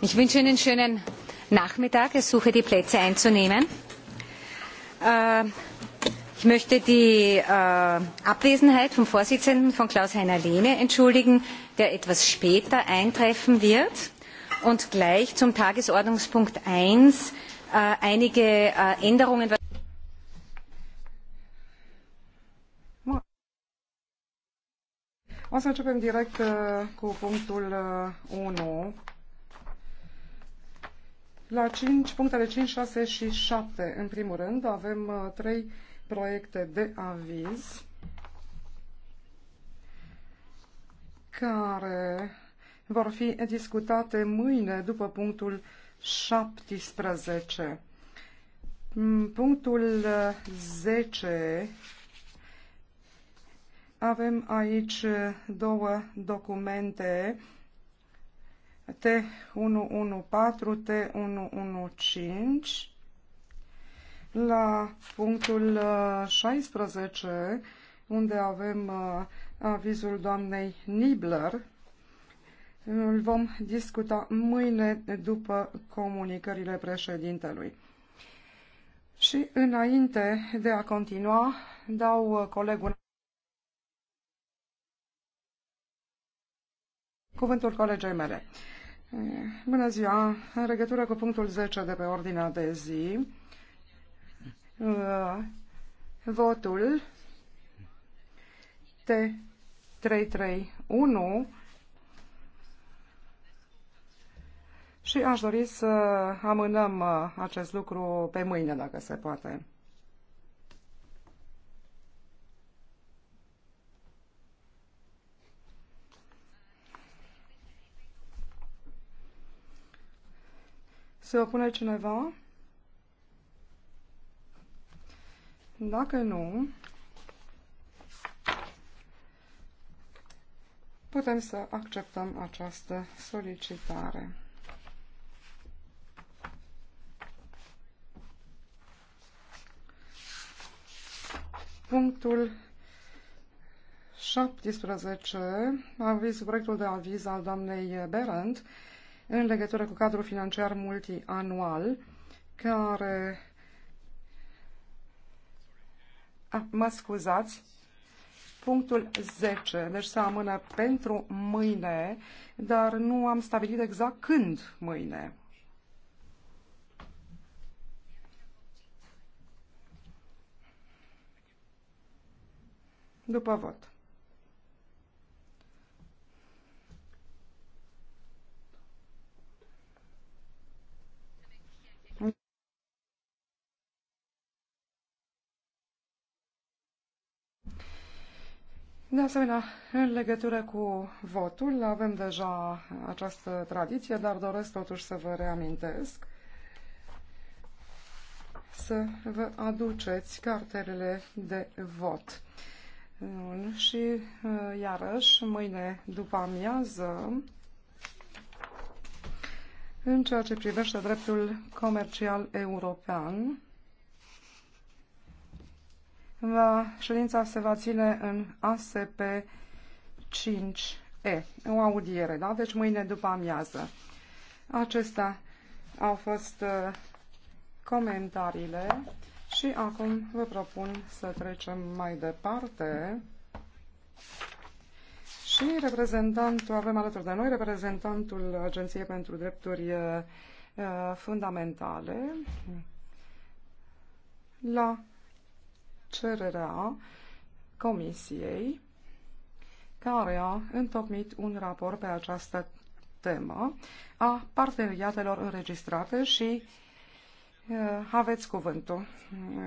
Ich wünsche Ihnen einen schönen Nachmittag. Ich suche die Plätze einzunehmen. Äh, ich möchte die äh, Abwesenheit vom Vorsitzenden von Klaus-Heiner Lehne entschuldigen, der etwas später eintreffen wird und gleich zum Tagesordnungspunkt 1 äh, einige Änderungen O să începem direct uh, cu punctul uh, 1 la 5, punctele 5, 6 și 7, în primul rând, avem uh, trei proiecte de aviz care vor fi discutate mâine după punctul 17. Mm, punctul 10 uh, avem aici uh, două documente T114, T115, la punctul 16, uh, unde avem uh, avizul doamnei Nibler, îl vom discuta mâine după comunicările președintelui. Și înainte de a continua, dau uh, colegul cuvântul colegei mele. Bună ziua! În legătură cu punctul 10 de pe ordinea de zi, uh, votul T331 și aș dori să amânăm uh, acest lucru pe mâine, dacă se poate. Se opune cineva? Dacă nu, putem să acceptăm această solicitare. Punctul 17, Avizul proiectul de aviz al doamnei Berend, în legătură cu cadrul financiar multianual, care... A, ah, mă scuzați, punctul 10, deci se amână pentru mâine, dar nu am stabilit exact când mâine. După vot. De asemenea, în legătură cu votul, avem deja această tradiție, dar doresc totuși să vă reamintesc să vă aduceți cartelele de vot. Bun. Și uh, iarăși, mâine după amiază, în ceea ce privește dreptul comercial european, va, ședința se va ține în ASP 5E, o audiere, da? Deci mâine după amiază. Acestea au fost uh, comentariile și acum vă propun să trecem mai departe. Și reprezentantul, avem alături de noi reprezentantul Agenției pentru Drepturi uh, uh, Fundamentale la cererea Comisiei care a întocmit un raport pe această temă a parteneriatelor înregistrate și uh, aveți cuvântul.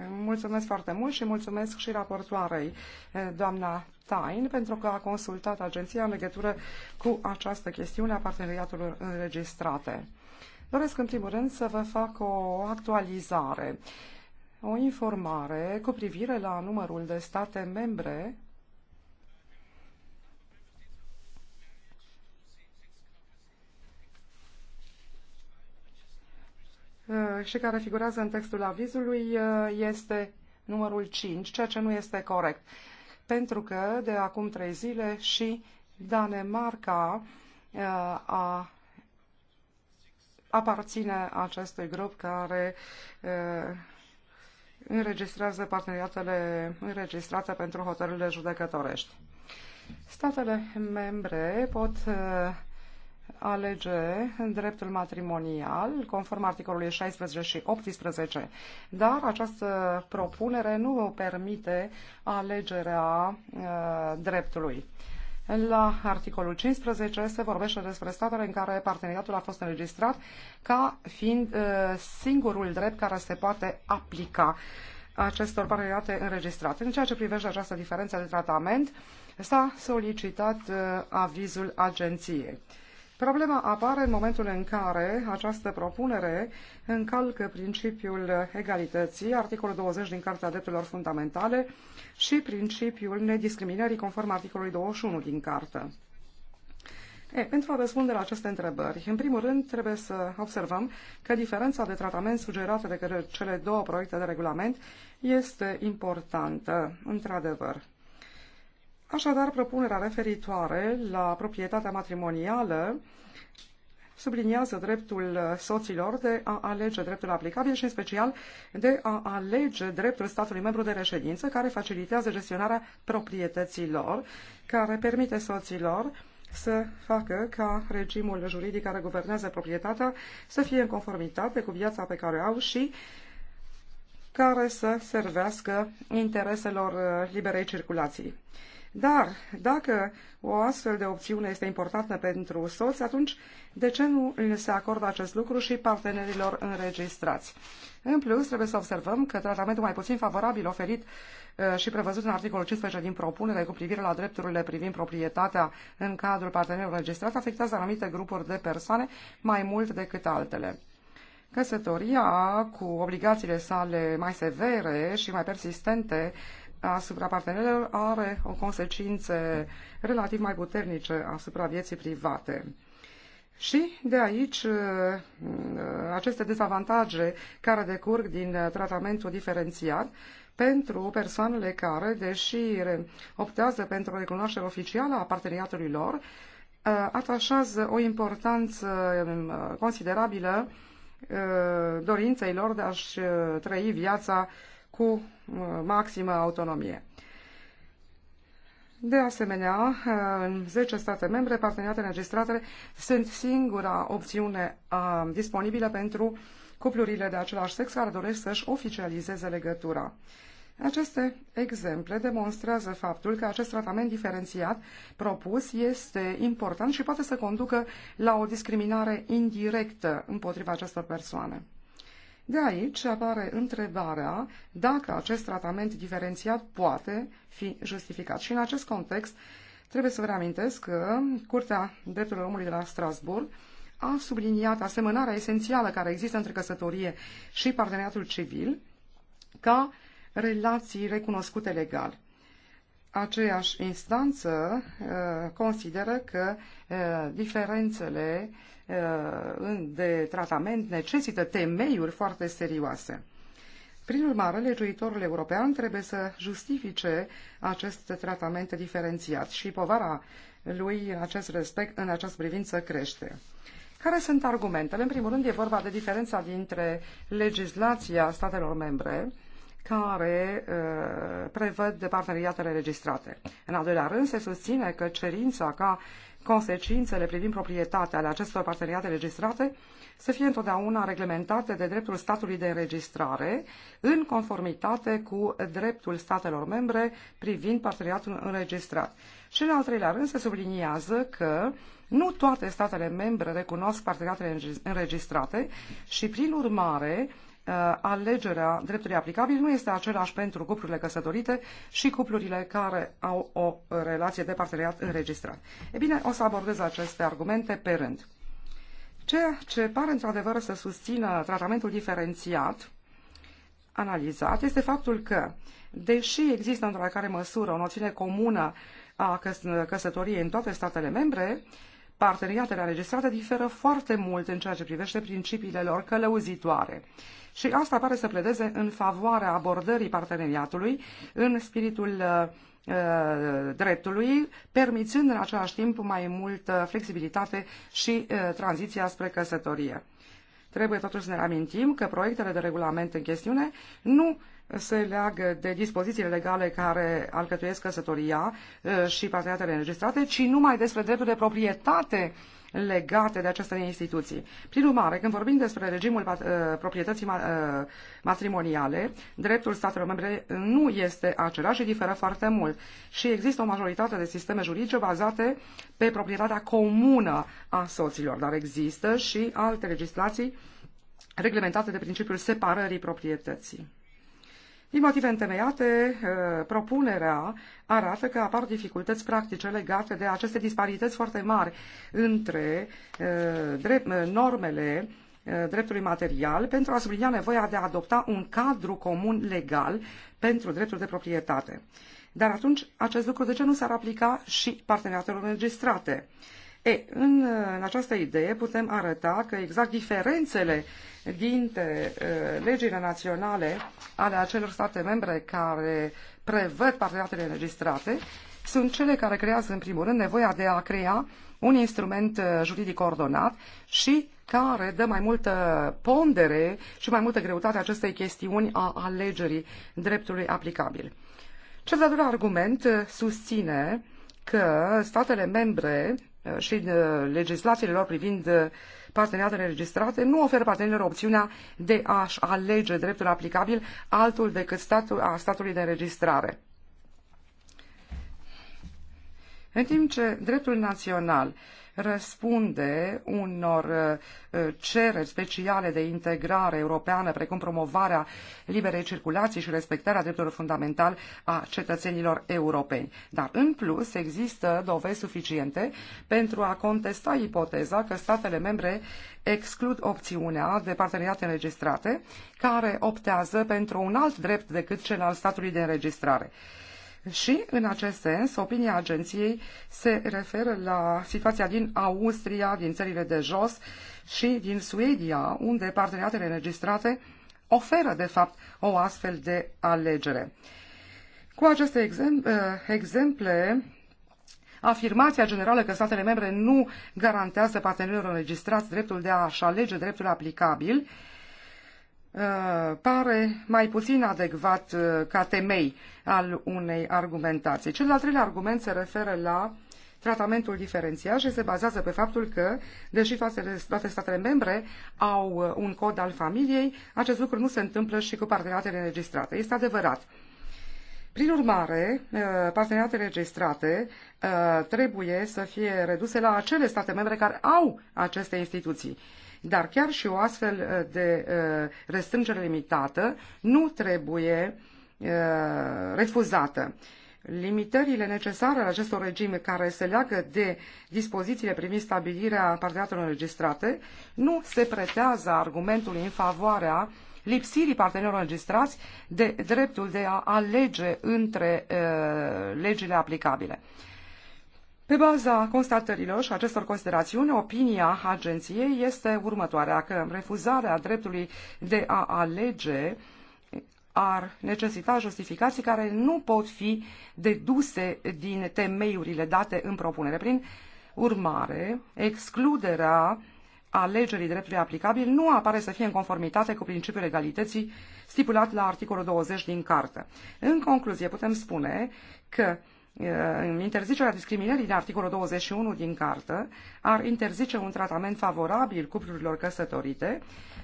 Mulțumesc foarte mult și mulțumesc și raportoarei, uh, doamna Tain, pentru că a consultat agenția în legătură cu această chestiune a parteneriatelor înregistrate. Doresc în primul rând să vă fac o actualizare o informare cu privire la numărul de state membre eh, și care figurează în textul avizului eh, este numărul 5, ceea ce nu este corect. Pentru că de acum trei zile și Danemarca eh, a aparține acestui grup care înregistrează parteneriatele înregistrate pentru hotărârile judecătorești. Statele membre pot uh, alege dreptul matrimonial, conform articolului 16 și 18, dar această propunere nu permite alegerea uh, dreptului. La articolul 15 se vorbește despre statele în care parteneriatul a fost înregistrat ca fiind uh, singurul drept care se poate aplica acestor parteneriate înregistrate. În ceea ce privește această diferență de tratament, s-a solicitat uh, avizul agenției. Problema apare în momentul în care această propunere încalcă principiul egalității, articolul 20 din Carta Drepturilor Fundamentale și principiul nediscriminării conform articolului 21 din Cartă. E, pentru a răspunde la aceste întrebări, în primul rând trebuie să observăm că diferența de tratament sugerată de către cele două proiecte de regulament este importantă, într-adevăr. Așadar, propunerea referitoare la proprietatea matrimonială subliniază dreptul soților de a alege dreptul aplicabil și, în special, de a alege dreptul statului membru de reședință, care facilitează gestionarea proprietăților, care permite soților să facă ca regimul juridic care guvernează proprietatea să fie în conformitate cu viața pe care o au și care să servească intereselor liberei circulații. Dar dacă o astfel de opțiune este importantă pentru soț, atunci de ce nu se acordă acest lucru și partenerilor înregistrați? În plus, trebuie să observăm că tratamentul mai puțin favorabil oferit uh, și prevăzut în articolul 15 din propunere cu privire la drepturile privind proprietatea în cadrul partenerilor înregistrați afectează anumite grupuri de persoane mai mult decât altele. Căsătoria, cu obligațiile sale mai severe și mai persistente asupra partenerilor are o consecințe relativ mai puternice asupra vieții private. Și de aici uh, aceste dezavantaje care decurg din uh, tratamentul diferențiat pentru persoanele care, deși optează pentru recunoaștere oficială a parteneriatului lor, uh, atașează o importanță um, considerabilă dorinței lor de a-și trăi viața cu uh, maximă autonomie. De asemenea, uh, în 10 state membre, parteneriatele înregistrate sunt singura opțiune uh, disponibilă pentru cuplurile de același sex care doresc să-și oficializeze legătura. Aceste exemple demonstrează faptul că acest tratament diferențiat propus este important și poate să conducă la o discriminare indirectă împotriva acestor persoane. De aici apare întrebarea dacă acest tratament diferențiat poate fi justificat. Și în acest context trebuie să vă reamintesc că Curtea Drepturilor Omului de la Strasburg a subliniat asemănarea esențială care există între căsătorie și parteneriatul civil ca relații recunoscute legal. Aceeași instanță uh, consideră că uh, diferențele Uh, de tratament necesită temeiuri foarte serioase. Prin urmare, legiuitorul european trebuie să justifice acest tratament diferențiat și povara lui în acest respect, în această privință crește. Care sunt argumentele? În primul rând e vorba de diferența dintre legislația statelor membre care uh, prevăd de parteneriatele registrate. În al doilea rând se susține că cerința ca consecințele privind proprietatea ale acestor parteneriate registrate să fie întotdeauna reglementate de dreptul statului de înregistrare în conformitate cu dreptul statelor membre privind parteneriatul înregistrat. Și în al treilea rând se subliniază că nu toate statele membre recunosc parteneriatele înregistrate și prin urmare Uh, alegerea dreptului aplicabil nu este același pentru cuplurile căsătorite și cuplurile care au o relație de parteneriat înregistrat. E bine, o să abordez aceste argumente pe rând. Ceea ce pare într-adevăr să susțină tratamentul diferențiat analizat este faptul că, deși există într-o care măsură o noțiune comună a căsătoriei în toate statele membre, parteneriatele înregistrate diferă foarte mult în ceea ce privește principiile lor călăuzitoare. Și asta pare să pledeze în favoarea abordării parteneriatului în spiritul uh, uh, dreptului, permițând în același timp mai multă flexibilitate și uh, tranziția spre căsătorie. Trebuie totuși să ne amintim că proiectele de regulament în chestiune nu se leagă de dispozițiile legale care alcătuiesc căsătoria și parteneriatele înregistrate, ci numai despre dreptul de proprietate legate de aceste instituții. Prin urmare, când vorbim despre regimul uh, proprietății uh, matrimoniale, dreptul statelor membre nu este același și diferă foarte mult. Și există o majoritate de sisteme juridice bazate pe proprietatea comună a soților, dar există și alte legislații reglementate de principiul separării proprietății. Din motive întemeiate, eh, propunerea arată că apar dificultăți practice legate de aceste disparități foarte mari între eh, drept, eh, normele dreptului material pentru a sublinia nevoia de a adopta un cadru comun legal pentru dreptul de proprietate. Dar atunci acest lucru de ce nu s-ar aplica și parteneriatelor înregistrate? E, în, în această idee putem arăta că exact diferențele dintre uh, legile naționale ale acelor state membre care prevăd parteneriatele înregistrate sunt cele care creează, în primul rând, nevoia de a crea un instrument juridic ordonat și care dă mai multă pondere și mai multă greutate acestei chestiuni a alegerii dreptului aplicabil. Cel de-al doilea argument susține că statele membre Uh, și uh, legislațiile lor privind uh, parteneriatele registrate nu oferă partenerilor opțiunea de a-și alege dreptul aplicabil altul decât statul, a statului de înregistrare. În timp ce dreptul național uh, răspunde unor uh, cereri speciale de integrare europeană, precum promovarea liberei circulații și respectarea drepturilor fundamentale a cetățenilor europeni. Dar, în plus, există dovezi suficiente pentru a contesta ipoteza că statele membre exclud opțiunea de parteneriate înregistrate, care optează pentru un alt drept decât cel al statului de înregistrare. Și, în acest sens, opinia agenției se referă la situația din Austria, din țările de jos și din Suedia, unde parteneriatele înregistrate oferă, de fapt, o astfel de alegere. Cu aceste eh, exemple, afirmația generală că statele membre nu garantează partenerilor înregistrați dreptul de a-și alege dreptul aplicabil Uh, pare mai puțin adecvat uh, ca temei al unei argumentații. Cel al treilea argument se referă la tratamentul diferențiat și se bazează pe faptul că, deși toate, toate statele membre au uh, un cod al familiei, acest lucru nu se întâmplă și cu parteneriatele înregistrate. Este adevărat. Prin urmare, parteneriatele registrate trebuie să fie reduse la acele state membre care au aceste instituții. Dar chiar și o astfel uh, de uh, restrângere limitată nu trebuie uh, refuzată. Limitările necesare la acestor regime care se leagă de dispozițiile privind stabilirea parteneriatelor înregistrate nu se pretează argumentul în favoarea lipsirii partenerilor înregistrați de dreptul de a alege între uh, legile aplicabile. Pe baza constatărilor și acestor considerațiuni, opinia agenției este următoarea, că refuzarea dreptului de a alege ar necesita justificații care nu pot fi deduse din temeiurile date în propunere. Prin urmare, excluderea alegerii dreptului aplicabil nu apare să fie în conformitate cu principiul egalității stipulat la articolul 20 din carte. În concluzie, putem spune că Uh, interzicerea discriminării din articolul 21 din cartă ar interzice un tratament favorabil cuplurilor căsătorite,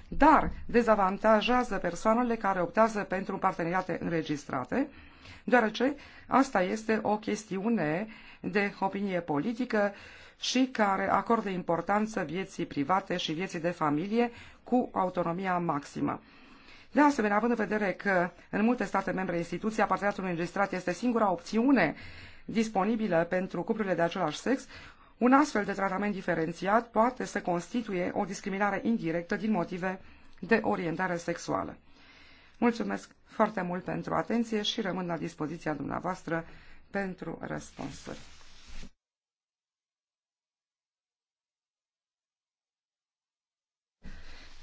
dar dezavantajează persoanele care optează pentru parteneriate înregistrate, deoarece asta este o chestiune de opinie politică și care acordă importanță vieții private și vieții de familie cu autonomia maximă. De asemenea, având în vedere că în multe state membre instituția parteneriatului înregistrat este singura opțiune disponibilă pentru cuplurile de același sex, un astfel de tratament diferențiat poate să constituie o discriminare indirectă din motive de orientare sexuală. Mulțumesc foarte mult pentru atenție și rămân la dispoziția dumneavoastră pentru răspunsuri.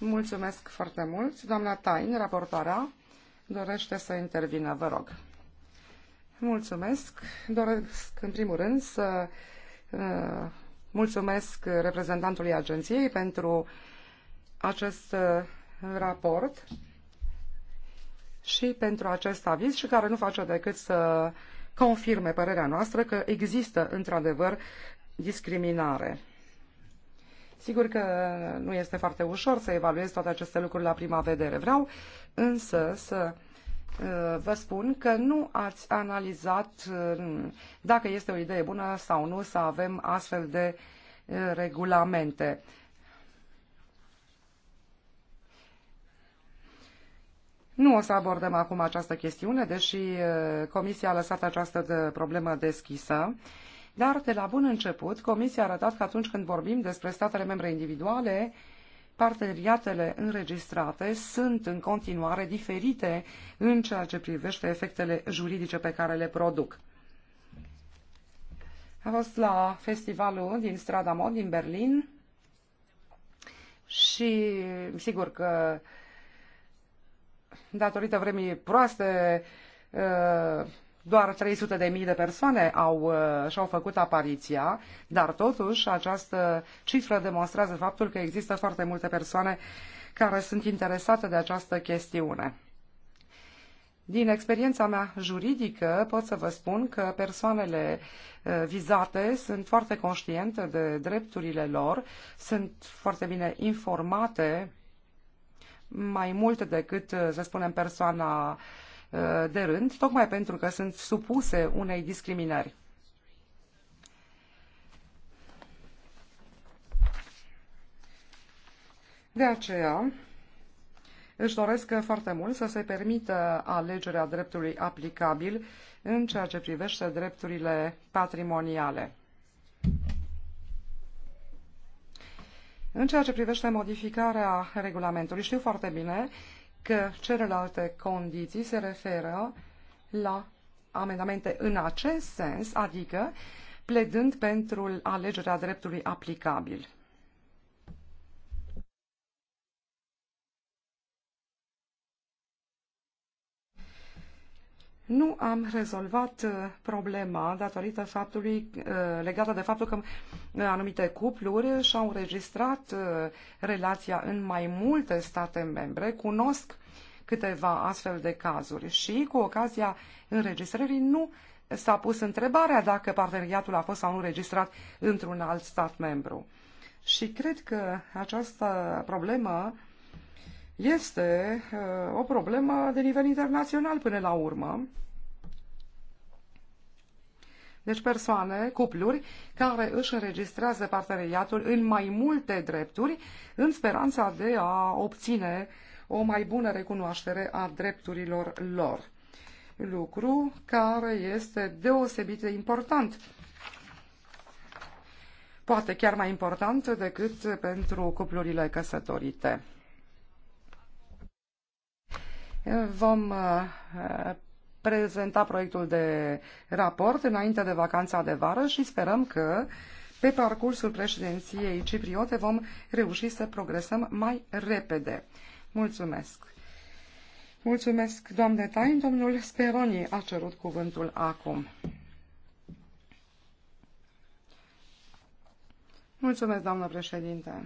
Mulțumesc foarte mult. Doamna Tain, raportoarea, dorește să intervină. Vă rog. Mulțumesc. Doresc, în primul rând, să uh, mulțumesc reprezentantului agenției pentru acest uh, raport și pentru acest aviz și care nu face decât să confirme părerea noastră că există într-adevăr discriminare. Sigur că nu este foarte ușor să evaluez toate aceste lucruri la prima vedere. Vreau însă să uh, vă spun că nu ați analizat uh, dacă este o idee bună sau nu să avem astfel de uh, regulamente. Nu o să abordăm acum această chestiune, deși Comisia a lăsat această problemă deschisă dar, de la bun început, Comisia a arătat că atunci când vorbim despre statele membre individuale, parteneriatele înregistrate sunt în continuare diferite în ceea ce privește efectele juridice pe care le produc. A fost la festivalul din Strada Mod din Berlin și sigur că datorită vremii proaste uh, doar 300 de mii de persoane au, uh, și-au făcut apariția, dar totuși această cifră demonstrează faptul că există foarte multe persoane care sunt interesate de această chestiune. Din experiența mea juridică pot să vă spun că persoanele uh, vizate sunt foarte conștiente de drepturile lor, sunt foarte bine informate, mai mult decât, uh, să spunem, persoana uh, Uh, de rând, tocmai pentru că sunt supuse unei discriminări. De aceea, își doresc foarte mult să se permită alegerea dreptului aplicabil în ceea ce privește drepturile patrimoniale. În ceea ce privește modificarea regulamentului, știu foarte bine că celelalte condiții se referă la amendamente în acest sens, adică pledând pentru alegerea dreptului aplicabil. Nu am rezolvat uh, problema datorită faptului uh, legată de faptul că uh, anumite cupluri și-au înregistrat relația în mai multe state membre, cunosc câteva astfel de cazuri și cu ocazia înregistrării nu s-a pus întrebarea dacă parteneriatul a fost sau nu înregistrat într-un alt stat membru. Și cred că această problemă este uh, o problemă de nivel internațional până la urmă. Deci persoane, cupluri, care își înregistrează parteneriatul în mai multe drepturi, în speranța de a obține o mai bună recunoaștere a drepturilor lor. Lucru care este deosebit de important poate chiar mai important decât pentru cuplurile căsătorite. Vom uh, prezenta proiectul de raport înainte de vacanța de vară și sperăm că pe parcursul președinției cipriote vom reuși să progresăm mai repede. Mulțumesc! Mulțumesc, doamne Tain. Domnul Speroni a cerut cuvântul acum. Mulțumesc, doamnă președinte.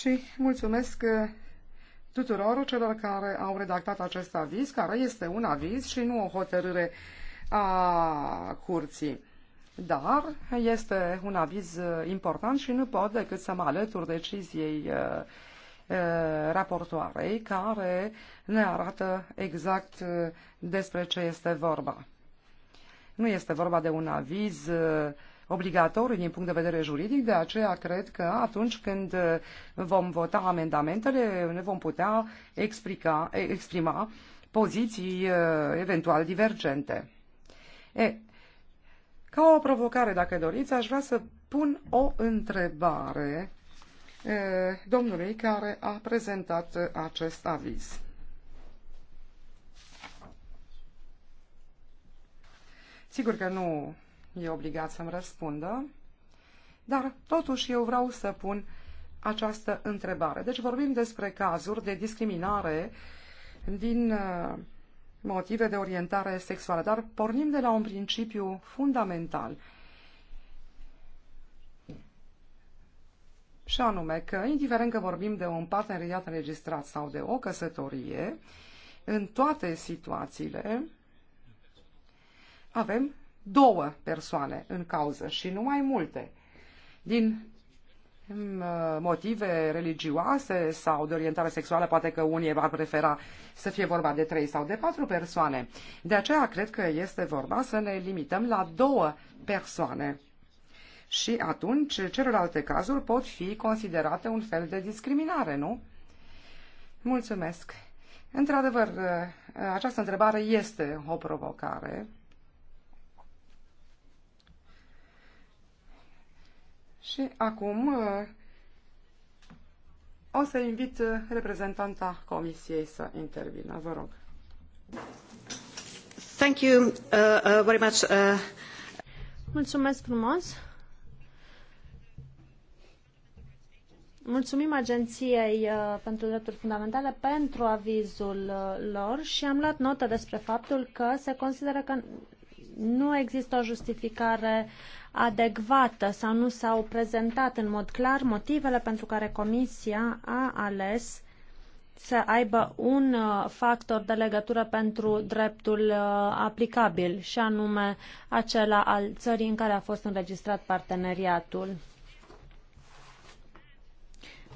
și mulțumesc uh, tuturor celor care au redactat acest aviz, care este un aviz și nu o hotărâre a curții. Dar este un aviz uh, important și nu pot decât să mă alătur deciziei uh, raportoarei care ne arată exact despre ce este vorba. Nu este vorba de un aviz obligatoriu din punct de vedere juridic, de aceea cred că atunci când uh, vom vota amendamentele ne vom putea explica, exprima poziții uh, eventual divergente. E, ca o provocare, dacă doriți, aș vrea să pun o întrebare e, uh, domnului care a prezentat acest aviz. Sigur că nu e obligat să-mi răspundă, dar totuși eu vreau să pun această întrebare. Deci vorbim despre cazuri de discriminare din uh, motive de orientare sexuală, dar pornim de la un principiu fundamental. Și anume că, indiferent că vorbim de un parteneriat înregistrat sau de o căsătorie, în toate situațiile avem două persoane în cauză și nu mai multe. Din mm, motive religioase sau de orientare sexuală, poate că unii ar prefera să fie vorba de trei sau de patru persoane. De aceea cred că este vorba să ne limităm la două persoane. Și atunci celelalte cazuri pot fi considerate un fel de discriminare, nu? Mulțumesc. Într-adevăr, această întrebare este o provocare Și acum uh, o să invit uh, reprezentanta Comisiei să intervină. Vă rog. Thank you uh, uh, very much. Uh... Mulțumesc frumos. Mulțumim Agenției uh, pentru Drepturi Fundamentale pentru avizul lor și am luat notă despre faptul că se consideră că nu există o justificare uh, adecvată sau nu s-au prezentat în mod clar motivele pentru care Comisia a ales să aibă un uh, factor de legătură pentru dreptul uh, aplicabil, și anume acela al țării în care a fost înregistrat parteneriatul.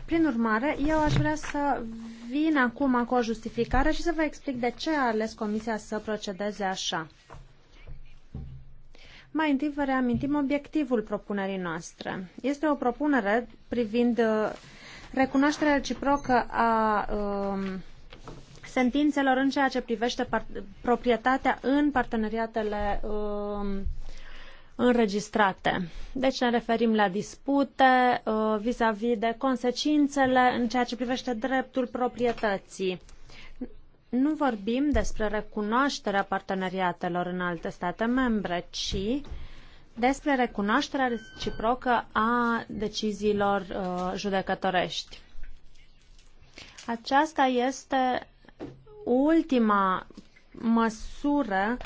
Prin urmare, eu aș vrea să vin acum cu o justificare și să vă explic de ce a ales Comisia să procedeze așa. Mai întâi vă reamintim obiectivul propunerii noastre. Este o propunere privind uh, recunoașterea reciprocă a um, sentințelor în ceea ce privește proprietatea în parteneriatele um, înregistrate. Deci ne referim la dispute uh, vis-a-vis -vis de consecințele în ceea ce privește dreptul proprietății nu vorbim despre recunoașterea parteneriatelor în alte state membre, ci despre recunoașterea reciprocă a deciziilor uh, judecătorești. Aceasta este ultima măsură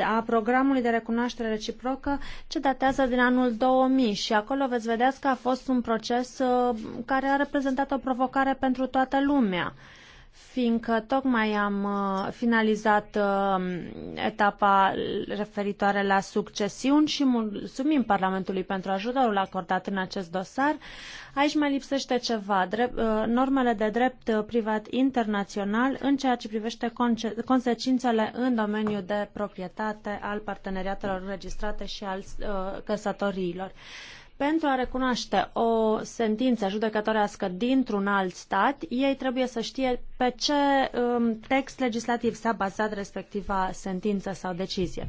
a programului de recunoaștere reciprocă ce datează din anul 2000 și acolo veți vedea că a fost un proces uh, care a reprezentat o provocare pentru toată lumea. Uh, fiindcă tocmai am uh, finalizat uh, etapa referitoare la succesiuni și mulțumim Parlamentului pentru ajutorul acordat în acest dosar. Aici mai lipsește ceva, drept, uh, normele de drept privat internațional în ceea ce privește consecințele în domeniul de proprietate al parteneriatelor înregistrate și al căsătoriilor. Pentru a recunoaște o sentință judecătorească dintr-un alt stat, ei trebuie să știe pe ce um, text legislativ s-a bazat respectiva sentință sau decizie.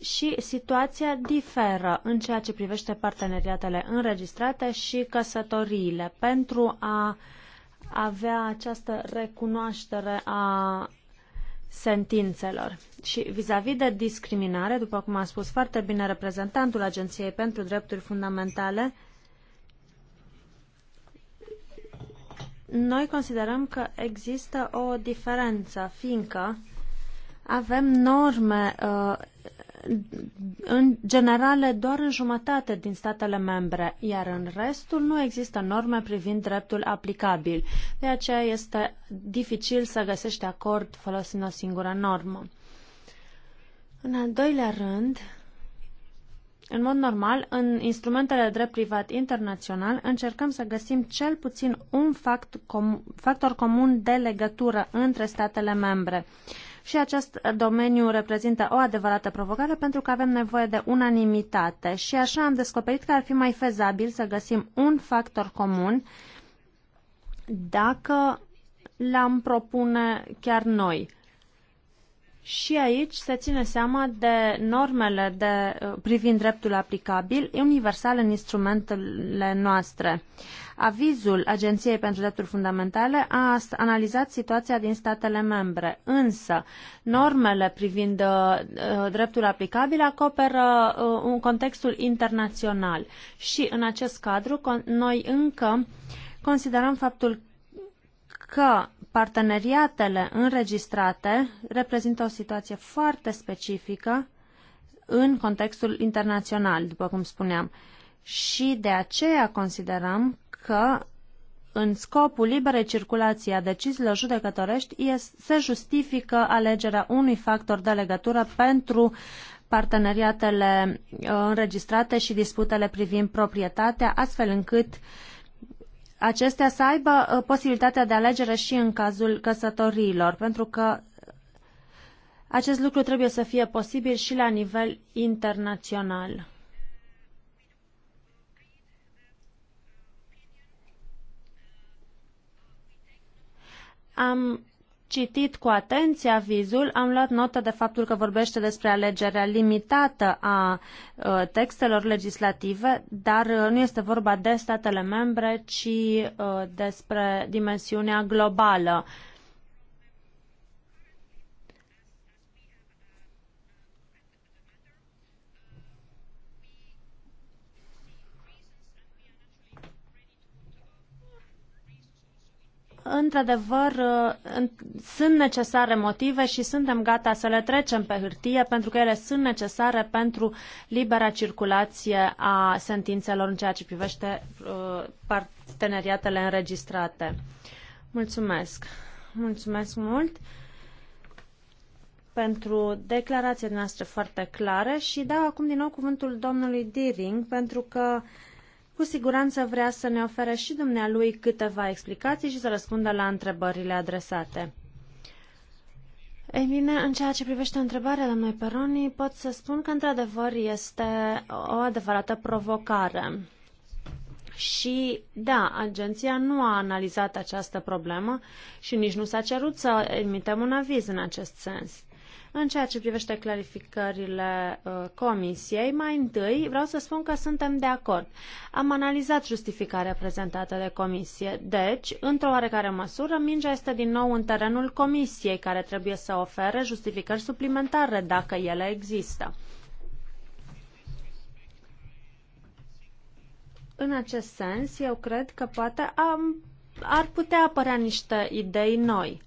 Și situația diferă în ceea ce privește parteneriatele înregistrate și căsătoriile pentru a avea această recunoaștere a sentințelor. Și vis-a-vis -vis de discriminare, după cum a spus foarte bine reprezentantul Agenției pentru Drepturi Fundamentale, noi considerăm că există o diferență, fiindcă avem norme uh, în general, doar în jumătate din statele membre, iar în restul nu există norme privind dreptul aplicabil. De aceea este dificil să găsești acord folosind o singură normă. În al doilea rând, în mod normal, în instrumentele de drept privat internațional încercăm să găsim cel puțin un fact com- factor comun de legătură între statele membre. Uh, și acest domeniu reprezintă o adevărată provocare pentru că avem nevoie de unanimitate și așa am descoperit că ar fi mai fezabil să găsim un factor comun dacă l-am propune chiar noi. Și aici se ține seama de normele de, uh, privind dreptul aplicabil universal în instrumentele noastre. Avizul Agenției pentru Drepturi Fundamentale a analizat situația din statele membre, însă normele privind uh, uh, dreptul aplicabil acoperă uh, un contextul internațional și în acest cadru noi încă considerăm faptul că Parteneriatele înregistrate reprezintă o situație foarte specifică în contextul internațional, după cum spuneam. Și de aceea considerăm că în scopul liberei circulații a deciziilor judecătorești se justifică alegerea unui factor de legătură pentru parteneriatele uh, înregistrate și disputele privind proprietatea, astfel încât uh, acestea să aibă uh, posibilitatea de alegere și în cazul căsătorilor, pentru că acest lucru trebuie să fie posibil și la nivel internațional. Am citit cu atenție avizul, am luat notă de faptul că vorbește despre alegerea limitată a uh, textelor legislative, dar uh, nu este vorba de statele membre, ci uh, despre dimensiunea globală. într-adevăr, uh, sunt necesare motive și suntem gata să le trecem pe hârtie pentru că ele sunt necesare pentru libera circulație a sentințelor în ceea ce privește uh, parteneriatele înregistrate. Mulțumesc! Mulțumesc mult pentru declarațiile noastre foarte clare și dau acum din nou cuvântul domnului Diring pentru că uh, cu siguranță vrea să ne ofere și dumnealui câteva explicații și să răspundă la întrebările adresate. Ei bine, în ceea ce privește întrebarea domnului Peroni, pot să spun că într-adevăr este o adevărată provocare. Și da, agenția nu a analizat această problemă și nici nu s-a cerut să emitem un aviz în acest sens. În ceea ce privește clarificările uh, Comisiei, mai întâi vreau să spun că suntem de acord. Am analizat justificarea prezentată de Comisie. Deci, într-o oarecare măsură, mingea este din nou în terenul Comisiei, care trebuie să ofere justificări suplimentare dacă ele există. În acest sens, eu cred că poate am, ar putea apărea niște idei noi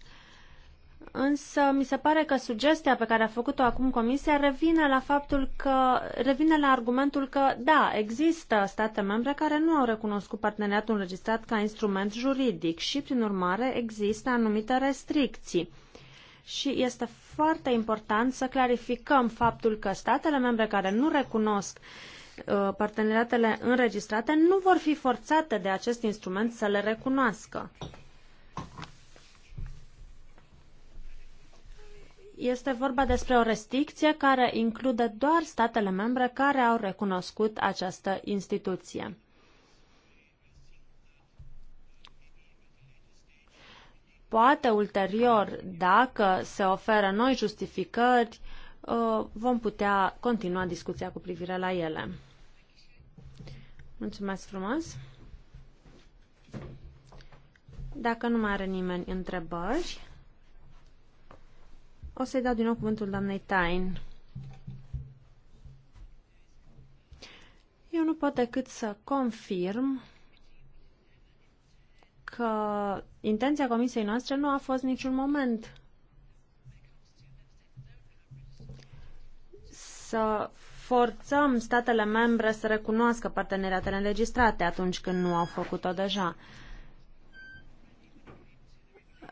însă mi se pare că sugestia pe care a făcut-o acum Comisia revine la faptul că revine la argumentul că da, există state membre care nu au recunoscut parteneriatul înregistrat ca instrument juridic și prin urmare există anumite restricții. Și este foarte important să clarificăm faptul că statele membre care nu recunosc uh, parteneriatele înregistrate nu vor fi forțate de acest instrument să le recunoască. Este vorba despre o restricție care include doar statele membre care au recunoscut această instituție. Poate ulterior, dacă se oferă noi justificări, uh, vom putea continua discuția cu privire la ele. Mulțumesc frumos! Dacă nu mai are nimeni întrebări, o să-i dau din nou cuvântul doamnei Tain. Eu nu pot decât să confirm că intenția comisiei noastre nu a fost niciun moment să forțăm statele membre să recunoască parteneriatele înregistrate atunci când nu au făcut-o deja. Uh,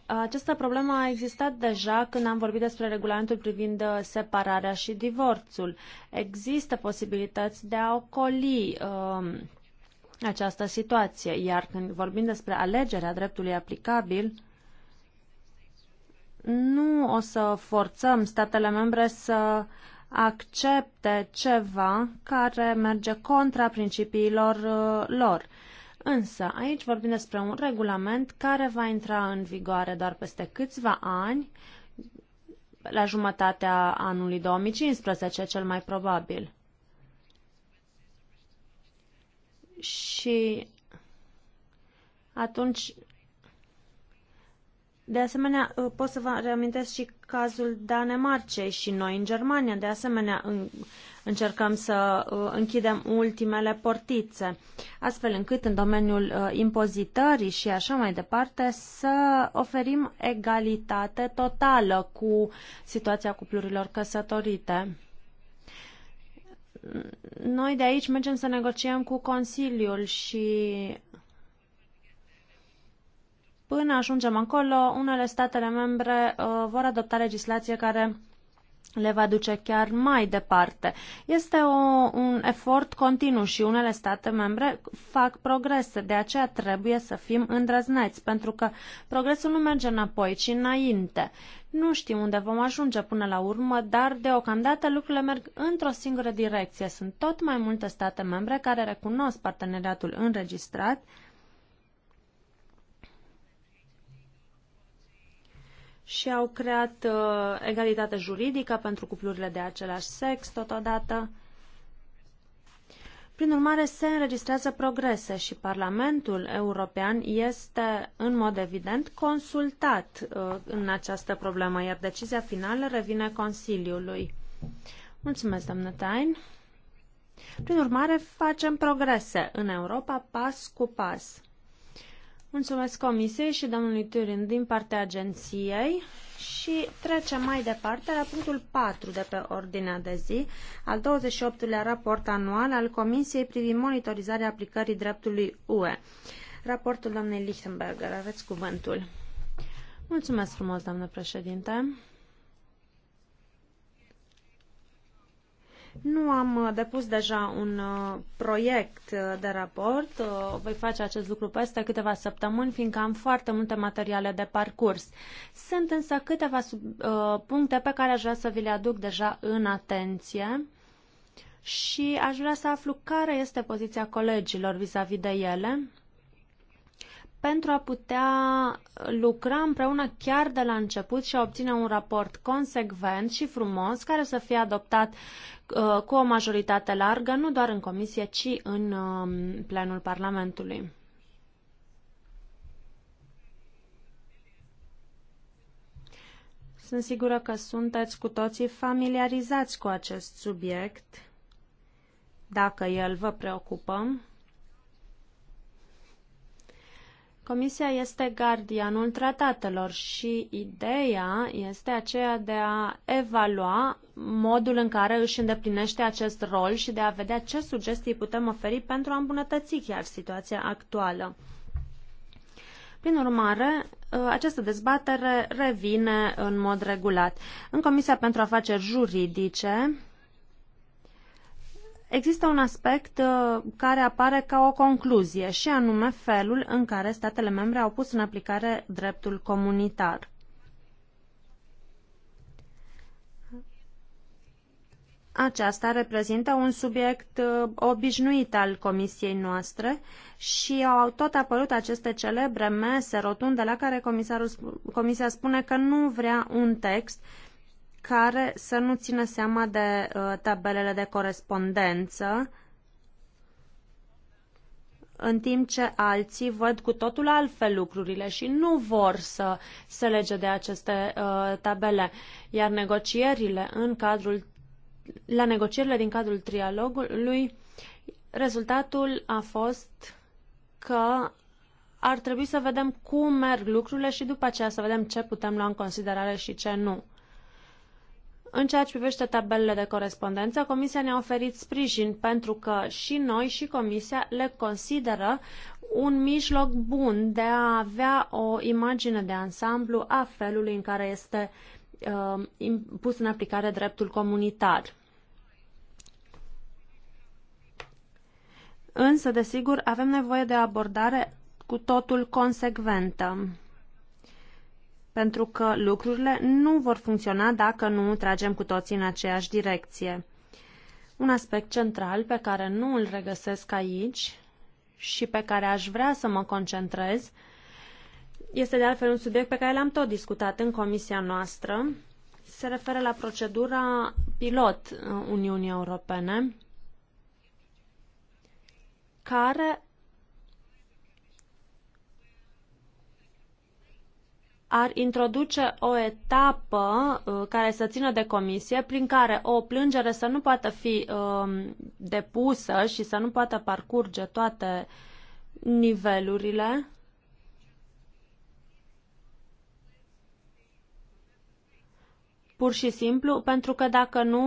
această problemă a existat deja când am vorbit despre regulamentul privind uh, separarea și divorțul. Există posibilități de a ocoli um, această situație, iar când vorbim despre alegerea dreptului aplicabil, nu o să forțăm statele membre să accepte ceva care merge contra principiilor uh, lor. Însă, aici vorbim despre un regulament care va intra în vigoare doar peste câțiva ani, la jumătatea anului 2015, cel mai probabil. Și atunci de asemenea, uh, pot să vă reamintesc și cazul Danemarcei și noi în Germania. De asemenea, în, încercăm să uh, închidem ultimele portițe, astfel încât în domeniul uh, impozitării și așa mai departe să oferim egalitate totală cu situația cuplurilor căsătorite. Noi de aici mergem să negociem cu Consiliul și Până ajungem acolo, unele statele membre uh, vor adopta legislație care le va duce chiar mai departe. Este o, un efort continuu și unele state membre fac progrese, de aceea trebuie să fim îndrăzneți, pentru că progresul nu merge înapoi, ci înainte. Nu știm unde vom ajunge până la urmă, dar deocamdată lucrurile merg într-o singură direcție. Sunt tot mai multe state membre care recunosc parteneriatul înregistrat, și au creat uh, egalitate juridică pentru cuplurile de același sex totodată. Prin urmare, se înregistrează progrese și Parlamentul European este, în mod evident, consultat uh, în această problemă, iar decizia finală revine Consiliului. Mulțumesc, doamnă Tain. Prin urmare, facem progrese în Europa pas cu pas. Mulțumesc Comisiei și domnului Turin din partea agenției și trecem mai departe la punctul 4 de pe ordinea de zi, al 28-lea raport anual al Comisiei privind monitorizarea aplicării dreptului UE. Raportul doamnei Lichtenberger, aveți cuvântul. Mulțumesc frumos, doamnă președinte. Nu am uh, depus deja un uh, proiect uh, de raport, voi face acest lucru peste câteva săptămâni, fiindcă am foarte multe materiale de parcurs. Sunt însă câteva sub, puncte pe care aș vrea să vi le aduc deja în atenție și aș vrea să aflu care este poziția colegilor vis-a-vis -vis de ele pentru a putea lucra împreună chiar de la început și a obține un raport consecvent și frumos care să fie adoptat uh, cu o majoritate largă, nu doar în comisie, ci în um, plenul Parlamentului. Sunt sigură că sunteți cu toții familiarizați cu acest subiect, dacă el vă preocupă. Comisia este gardianul tratatelor și ideea este aceea de a evalua modul în care își îndeplinește acest rol și de a vedea ce sugestii putem oferi pentru a îmbunătăți chiar situația actuală. Prin urmare, această dezbatere revine în mod regulat. În Comisia pentru Afaceri Juridice, Există un aspect uh, care apare ca o concluzie și anume felul în care statele membre au pus în aplicare dreptul comunitar. Aceasta reprezintă un subiect uh, obișnuit al comisiei noastre și au tot apărut aceste celebre mese rotunde la care comisarul, comisia spune că nu vrea un text care să nu țină seama de uh, tabelele de corespondență, în timp ce alții văd cu totul altfel lucrurile și nu vor să se lege de aceste uh, tabele. Iar negocierile în cadrul, la negocierile din cadrul trialogului, rezultatul a fost că ar trebui să vedem cum merg lucrurile și după aceea să vedem ce putem lua în considerare și ce nu. În ceea ce privește tabelele de corespondență, Comisia ne-a oferit sprijin pentru că și noi și Comisia le consideră un mijloc bun de a avea o imagine de ansamblu a felului în care este uh, pus în aplicare dreptul comunitar. Însă, desigur, avem nevoie de abordare cu totul consecventă pentru că lucrurile nu vor funcționa dacă nu tragem cu toții în aceeași direcție. Un aspect central pe care nu îl regăsesc aici și pe care aș vrea să mă concentrez este de altfel un subiect pe care l-am tot discutat în comisia noastră. Se referă la procedura pilot uh, Uniunii Europene care ar introduce o etapă uh, care să țină de comisie prin care o plângere să nu poată fi um, depusă și să nu poată parcurge toate nivelurile. Pur și simplu, pentru că dacă nu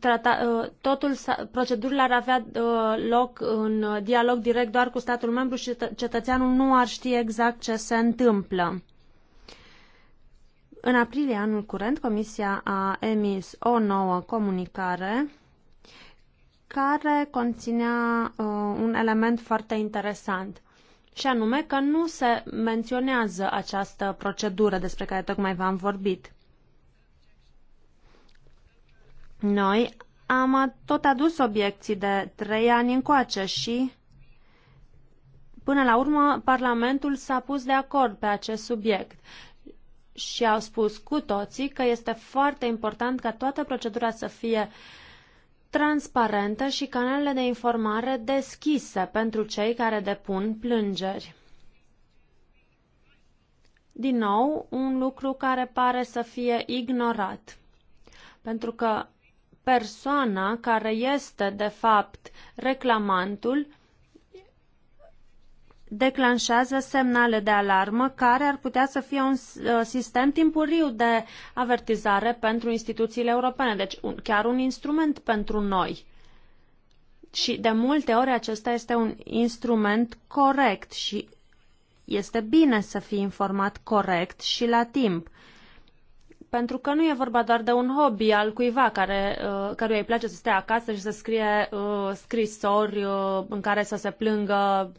trata, uh, totul, procedurile ar avea uh, loc în dialog direct doar cu statul membru și cetățeanul nu ar ști exact ce se întâmplă. În aprilie anul curent, Comisia a emis o nouă comunicare care conținea uh, un element foarte interesant, și anume că nu se menționează această procedură despre care tocmai v-am vorbit. Noi am tot adus obiecții de trei ani încoace și, până la urmă, Parlamentul s-a pus de acord pe acest subiect și au spus cu toții că este foarte important ca toată procedura să fie transparentă și canalele de informare deschise pentru cei care depun plângeri. Din nou, un lucru care pare să fie ignorat, pentru că persoana care este, de fapt, reclamantul declanșează semnale de alarmă care ar putea să fie un uh, sistem timpuriu de avertizare pentru instituțiile europene, deci un, chiar un instrument pentru noi. Și de multe ori acesta este un instrument corect și este bine să fii informat corect și la timp pentru că nu e vorba doar de un hobby al cuiva care, uh, căruia îi place să stea acasă și să scrie uh, scrisori uh, în care să se plângă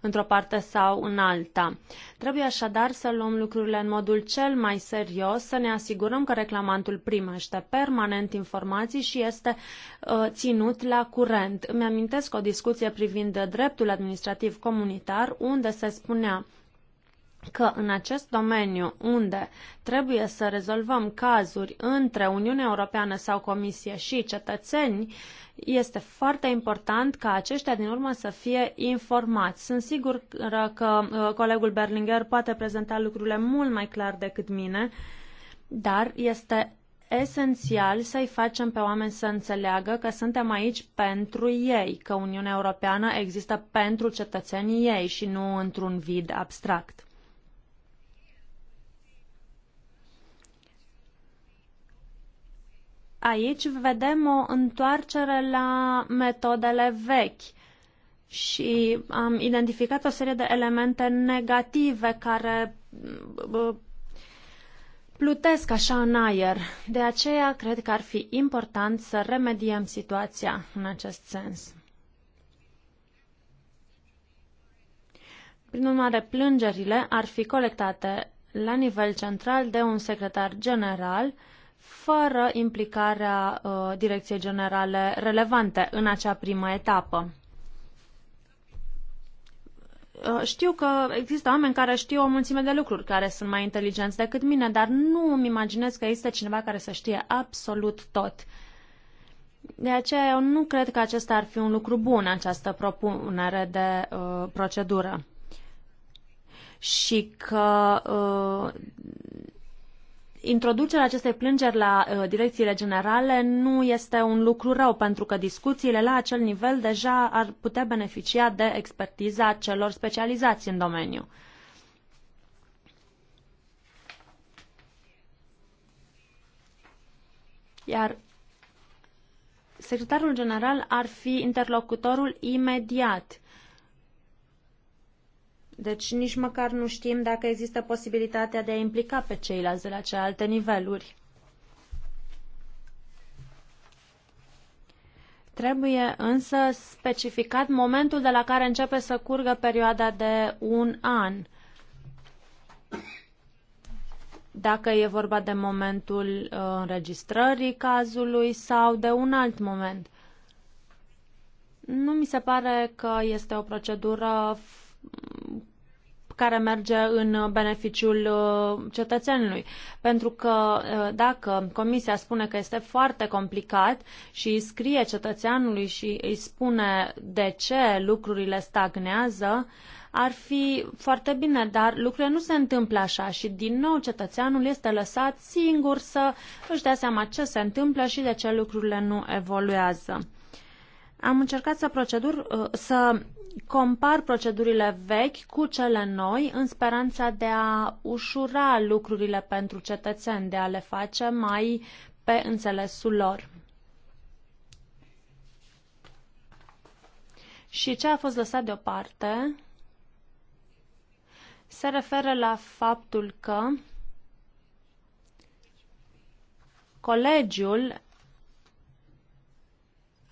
într-o parte sau în alta. Trebuie așadar să luăm lucrurile în modul cel mai serios, să ne asigurăm că reclamantul primește permanent informații și este uh, ținut la curent. Îmi amintesc o discuție privind dreptul administrativ comunitar unde se spunea că în acest domeniu unde trebuie să rezolvăm cazuri între Uniunea Europeană sau Comisie și cetățeni, este foarte important ca aceștia din urmă să fie informați. Sunt sigur că uh, colegul Berlinger poate prezenta lucrurile mult mai clar decât mine, dar este esențial să-i facem pe oameni să înțeleagă că suntem aici pentru ei, că Uniunea Europeană există pentru cetățenii ei și nu într-un vid abstract. aici vedem o întoarcere la metodele vechi și am identificat o serie de elemente negative care plutesc așa în aer. De aceea cred că ar fi important să remediem situația în acest sens. Prin urmare, plângerile ar fi colectate la nivel central de un secretar general fără implicarea uh, Direcției Generale relevante în acea primă etapă. Uh, știu că există oameni care știu o mulțime de lucruri, care sunt mai inteligenți decât mine, dar nu îmi imaginez că există cineva care să știe absolut tot. De aceea eu nu cred că acesta ar fi un lucru bun, această propunere de uh, procedură. Și că uh, Introducerea acestei plângeri la uh, direcțiile generale nu este un lucru rău, pentru că discuțiile la acel nivel deja ar putea beneficia de expertiza celor specializați în domeniu. Iar secretarul general ar fi interlocutorul imediat deci nici măcar nu știm dacă există posibilitatea de a implica pe ceilalți de la cealaltă niveluri. Trebuie însă specificat momentul de la care începe să curgă perioada de un an. Dacă e vorba de momentul uh, înregistrării cazului sau de un alt moment. Nu mi se pare că este o procedură care merge în beneficiul uh, cetățenului. Pentru că uh, dacă comisia spune că este foarte complicat și îi scrie cetățeanului și îi spune de ce lucrurile stagnează, ar fi foarte bine, dar lucrurile nu se întâmplă așa și din nou cetățeanul este lăsat singur să își dea seama ce se întâmplă și de ce lucrurile nu evoluează. Am încercat să procedur, uh, să compar procedurile vechi cu cele noi în speranța de a ușura lucrurile pentru cetățeni, de a le face mai pe înțelesul lor. Și ce a fost lăsat deoparte se referă la faptul că colegiul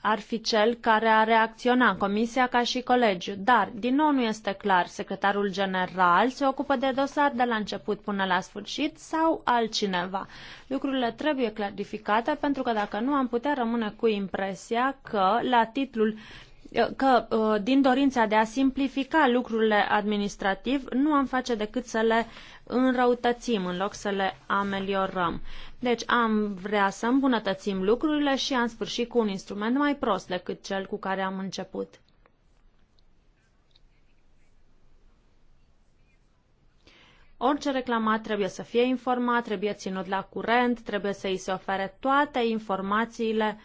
ar fi cel care a reacționa, Comisia ca și colegiu. Dar, din nou, nu este clar. Secretarul general se ocupă de dosar de la început până la sfârșit sau altcineva. Lucrurile trebuie clarificate pentru că dacă nu am putea rămâne cu impresia că la titlul că uh, din dorința de a simplifica lucrurile administrativ, nu am face decât să le înrăutățim în loc să le ameliorăm. Deci am vrea să îmbunătățim lucrurile și am sfârșit cu un instrument mai prost decât cel cu care am început. Orice reclamat trebuie să fie informat, trebuie ținut la curent, trebuie să îi se ofere toate informațiile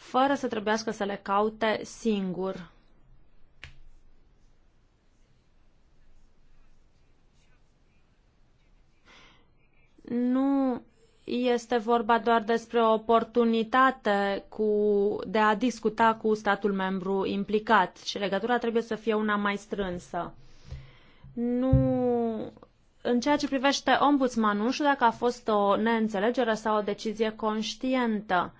fără să trebuiască să le caute singur. Nu este vorba doar despre o oportunitate cu, de a discuta cu statul membru implicat și legătura trebuie să fie una mai strânsă. Nu în ceea ce privește ombudsmanul, nu știu dacă a fost o neînțelegere sau o decizie conștientă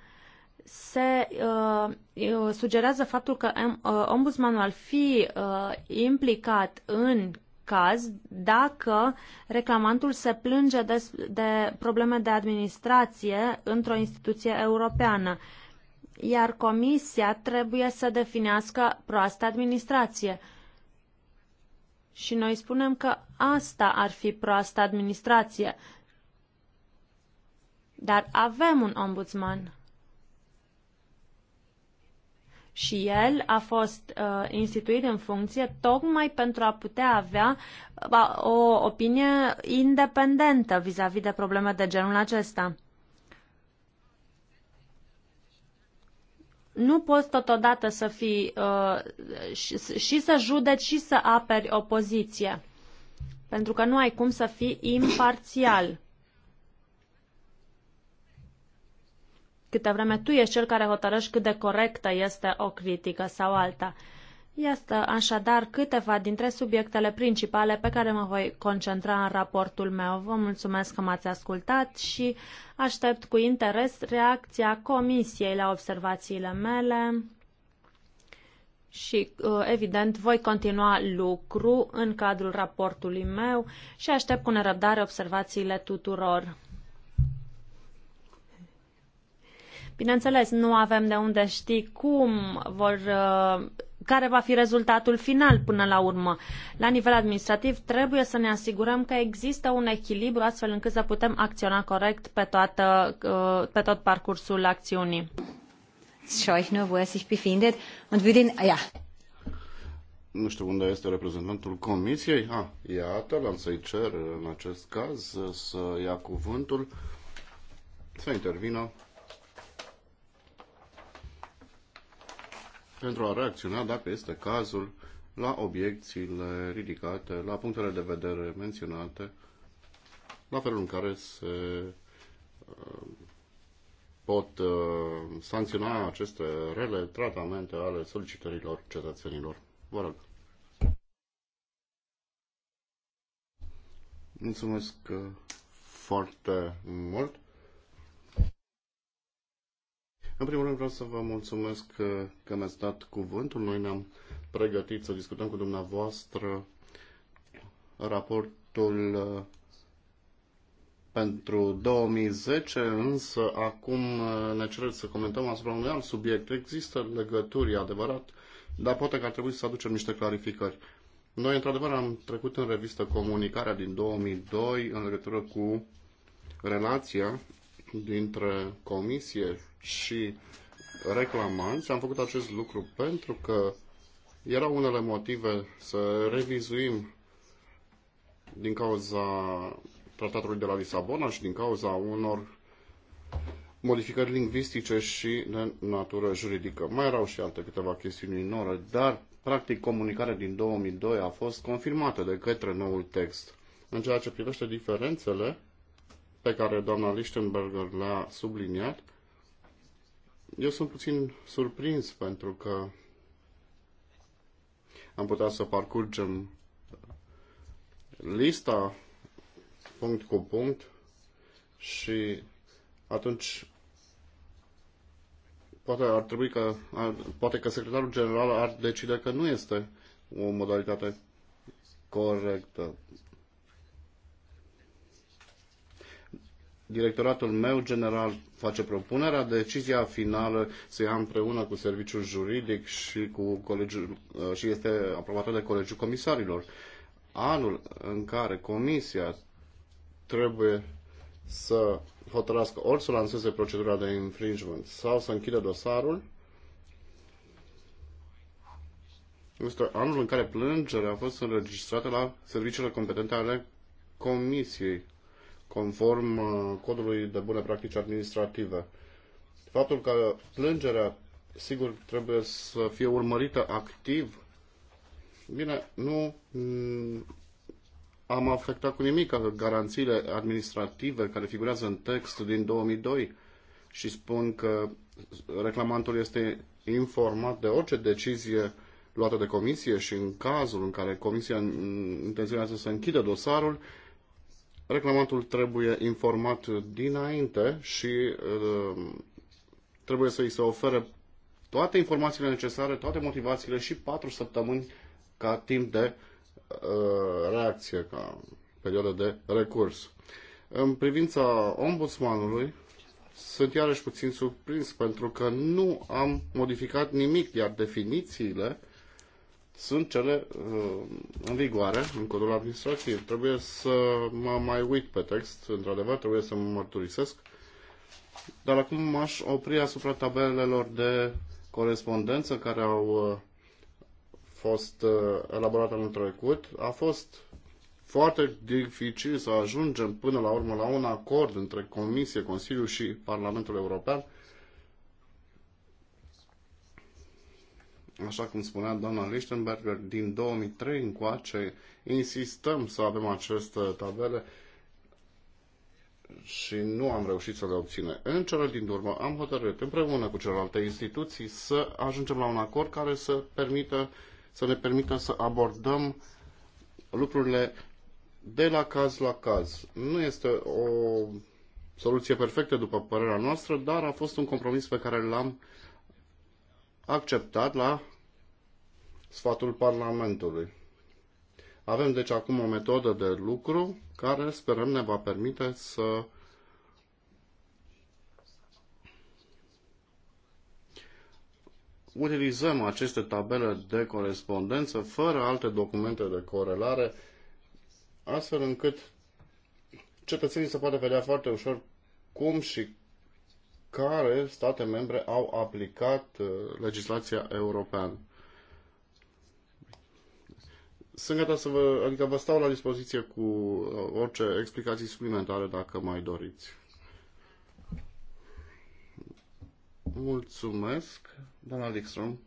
se uh, uh, sugerează faptul că uh, ombudsmanul ar fi uh, implicat în caz dacă reclamantul se plânge de, de probleme de administrație într-o instituție europeană, iar comisia trebuie să definească proastă administrație. Și noi spunem că asta ar fi proastă administrație. Dar avem un ombudsman și el a fost uh, instituit în funcție tocmai pentru a putea avea uh, o opinie independentă vis-a-vis -vis de probleme de genul acesta. Nu poți totodată să fii uh, și, și să judeci și să aperi opoziție, pentru că nu ai cum să fii imparțial. câte vreme tu ești cel care hotărăști cât de corectă este o critică sau alta. Este așadar câteva dintre subiectele principale pe care mă voi concentra în raportul meu. Vă mulțumesc că m-ați ascultat și aștept cu interes reacția Comisiei la observațiile mele și, uh, evident, voi continua lucru în cadrul raportului meu și aștept cu nerăbdare observațiile tuturor. Bineînțeles, nu avem de unde ști cum vor uh, care va fi rezultatul final până la urmă. La nivel administrativ trebuie să ne asigurăm că există un echilibru astfel încât să putem acționa corect pe, toată, uh, pe tot parcursul acțiunii. Er ah, nu știu unde este reprezentantul comisiei. Ah, iată, l-am să-i cer în acest caz să ia cuvântul, să intervină. pentru a reacționa dacă este cazul la obiecțiile ridicate, la punctele de vedere menționate, la felul în care se uh, pot uh, sancționa aceste rele tratamente ale solicitărilor cetățenilor. Vă rog. Mulțumesc uh, foarte mult. În primul rând vreau să vă mulțumesc că, că mi-ați dat cuvântul. Noi ne-am pregătit să discutăm cu dumneavoastră raportul uh, pentru 2010, însă acum uh, ne cereți să comentăm asupra unui alt subiect. Există legături, adevărat, dar poate că ar trebui să aducem niște clarificări. Noi, într-adevăr, am trecut în revistă comunicarea din 2002 în legătură cu relația dintre comisie și reclamanți. Am făcut acest lucru pentru că erau unele motive să revizuim din cauza tratatului de la Lisabona și din cauza unor modificări lingvistice și de natură juridică. Mai erau și alte câteva chestiuni minore, dar practic comunicarea din 2002 a fost confirmată de către noul text. În ceea ce privește diferențele, pe care doamna Lichtenberger le-a subliniat, eu sunt puțin surprins pentru că am putea să parcurgem lista punct cu punct și atunci poate ar trebui că ar, poate că secretarul general ar decide că nu este o modalitate corectă. Directoratul meu general face propunerea, decizia finală se ia împreună cu serviciul juridic și, cu colegiul, uh, și este aprobată de Colegiul Comisarilor. Anul în care Comisia trebuie să hotărască ori să lanseze procedura de infringement sau să închidă dosarul, este anul în care plângerea a fost înregistrată la serviciile competente ale Comisiei conform uh, codului de bune practici administrative. Faptul că plângerea, sigur, trebuie să fie urmărită activ, bine, nu mm, am afectat cu nimic garanțiile administrative care figurează în text din 2002 și spun că reclamantul este informat de orice decizie luată de comisie și în cazul în care comisia intenționează să închidă dosarul, reclamantul trebuie informat dinainte și uh, trebuie să îi se ofere toate informațiile necesare, toate motivațiile și patru săptămâni ca timp de uh, reacție, ca perioadă de recurs. În privința ombudsmanului, sunt iarăși puțin surprins pentru că nu am modificat nimic, iar definițiile sunt cele uh, în vigoare în codul administrativ. Trebuie să mă mai uit pe text, într-adevăr, trebuie să mă mărturisesc. Dar acum m-aș opri asupra tabelelor de corespondență care au uh, fost uh, elaborate în trecut. A fost foarte dificil să ajungem până la urmă la un acord între Comisie, Consiliu și Parlamentul European Așa cum spunea doamna Lichtenberger, din 2003 încoace insistăm să avem aceste tabele și nu am reușit să le obținem. În cele din urmă am hotărât împreună cu celelalte instituții să ajungem la un acord care să, permită, să ne permită să abordăm lucrurile de la caz la caz. Nu este o soluție perfectă după părerea noastră, dar a fost un compromis pe care l-am acceptat la sfatul Parlamentului. Avem deci acum o metodă de lucru care sperăm ne va permite să utilizăm aceste tabele de corespondență fără alte documente de corelare, astfel încât cetățenii să poată vedea foarte ușor cum și care state membre au aplicat uh, legislația europeană sunt gata să vă, adică vă stau la dispoziție cu uh, orice explicații suplimentare dacă mai doriți. Mulțumesc, doamna Dixon.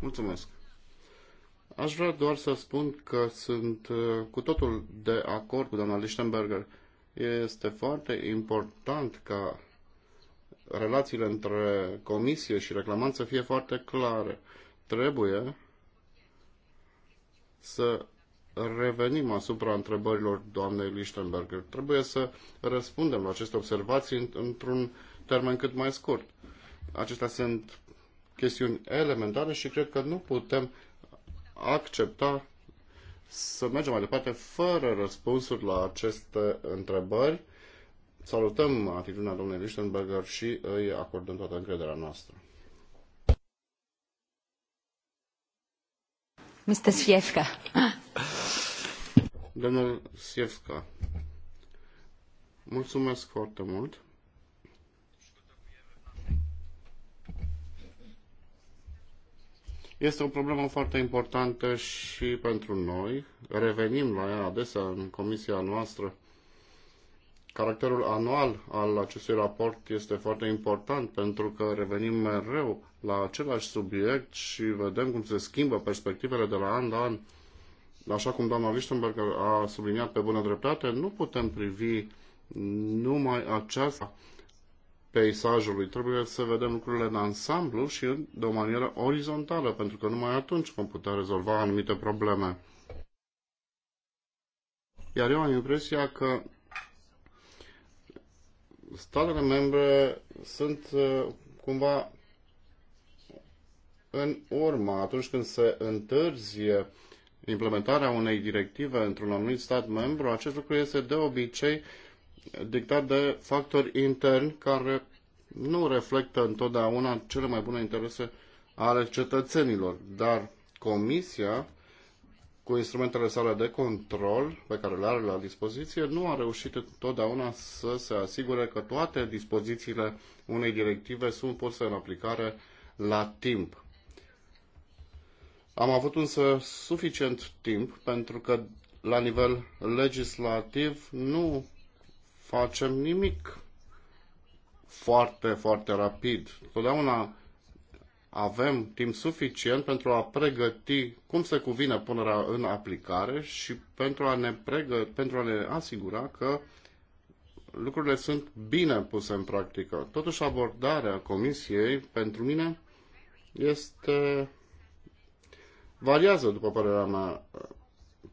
Mulțumesc. Aș vrea doar să spun că sunt uh, cu totul de acord cu doamna Lichtenberger. Este foarte important ca relațiile între comisie și reclamant să fie foarte clare. Trebuie să revenim asupra întrebărilor doamnei Lichtenberger. Trebuie să răspundem la aceste observații într-un termen cât mai scurt. Acestea sunt chestiuni elementare și cred că nu putem accepta să mergem mai departe fără răspunsuri la aceste întrebări Salutăm atitudinea domnului Lichtenberger și îi acordăm toată încrederea noastră. Mr. Siefka. Domnul Siefka, mulțumesc foarte mult. Este o problemă foarte importantă și pentru noi. Revenim la ea adesea în comisia noastră. Caracterul anual al acestui raport este foarte important pentru că revenim mereu la același subiect și vedem cum se schimbă perspectivele de la an la an. Așa cum doamna Lichtenberg a subliniat pe bună dreptate, nu putem privi numai aceasta peisajului. Trebuie să vedem lucrurile în ansamblu și de o manieră orizontală, pentru că numai atunci vom putea rezolva anumite probleme. Iar eu am impresia că statele membre sunt uh, cumva în urmă atunci când se întârzie implementarea unei directive într-un anumit stat membru, acest lucru este de obicei dictat de factori interni care nu reflectă întotdeauna cele mai bune interese ale cetățenilor. Dar Comisia cu instrumentele sale de control pe care le are la dispoziție, nu a reușit întotdeauna să se asigure că toate dispozițiile unei directive sunt puse în aplicare la timp. Am avut însă suficient timp pentru că la nivel legislativ nu facem nimic foarte, foarte rapid. Totdeauna avem timp suficient pentru a pregăti cum se cuvine punerea în aplicare și pentru a ne, pregă, pentru a ne asigura că lucrurile sunt bine puse în practică. Totuși, abordarea Comisiei, pentru mine, este variază, după părerea mea.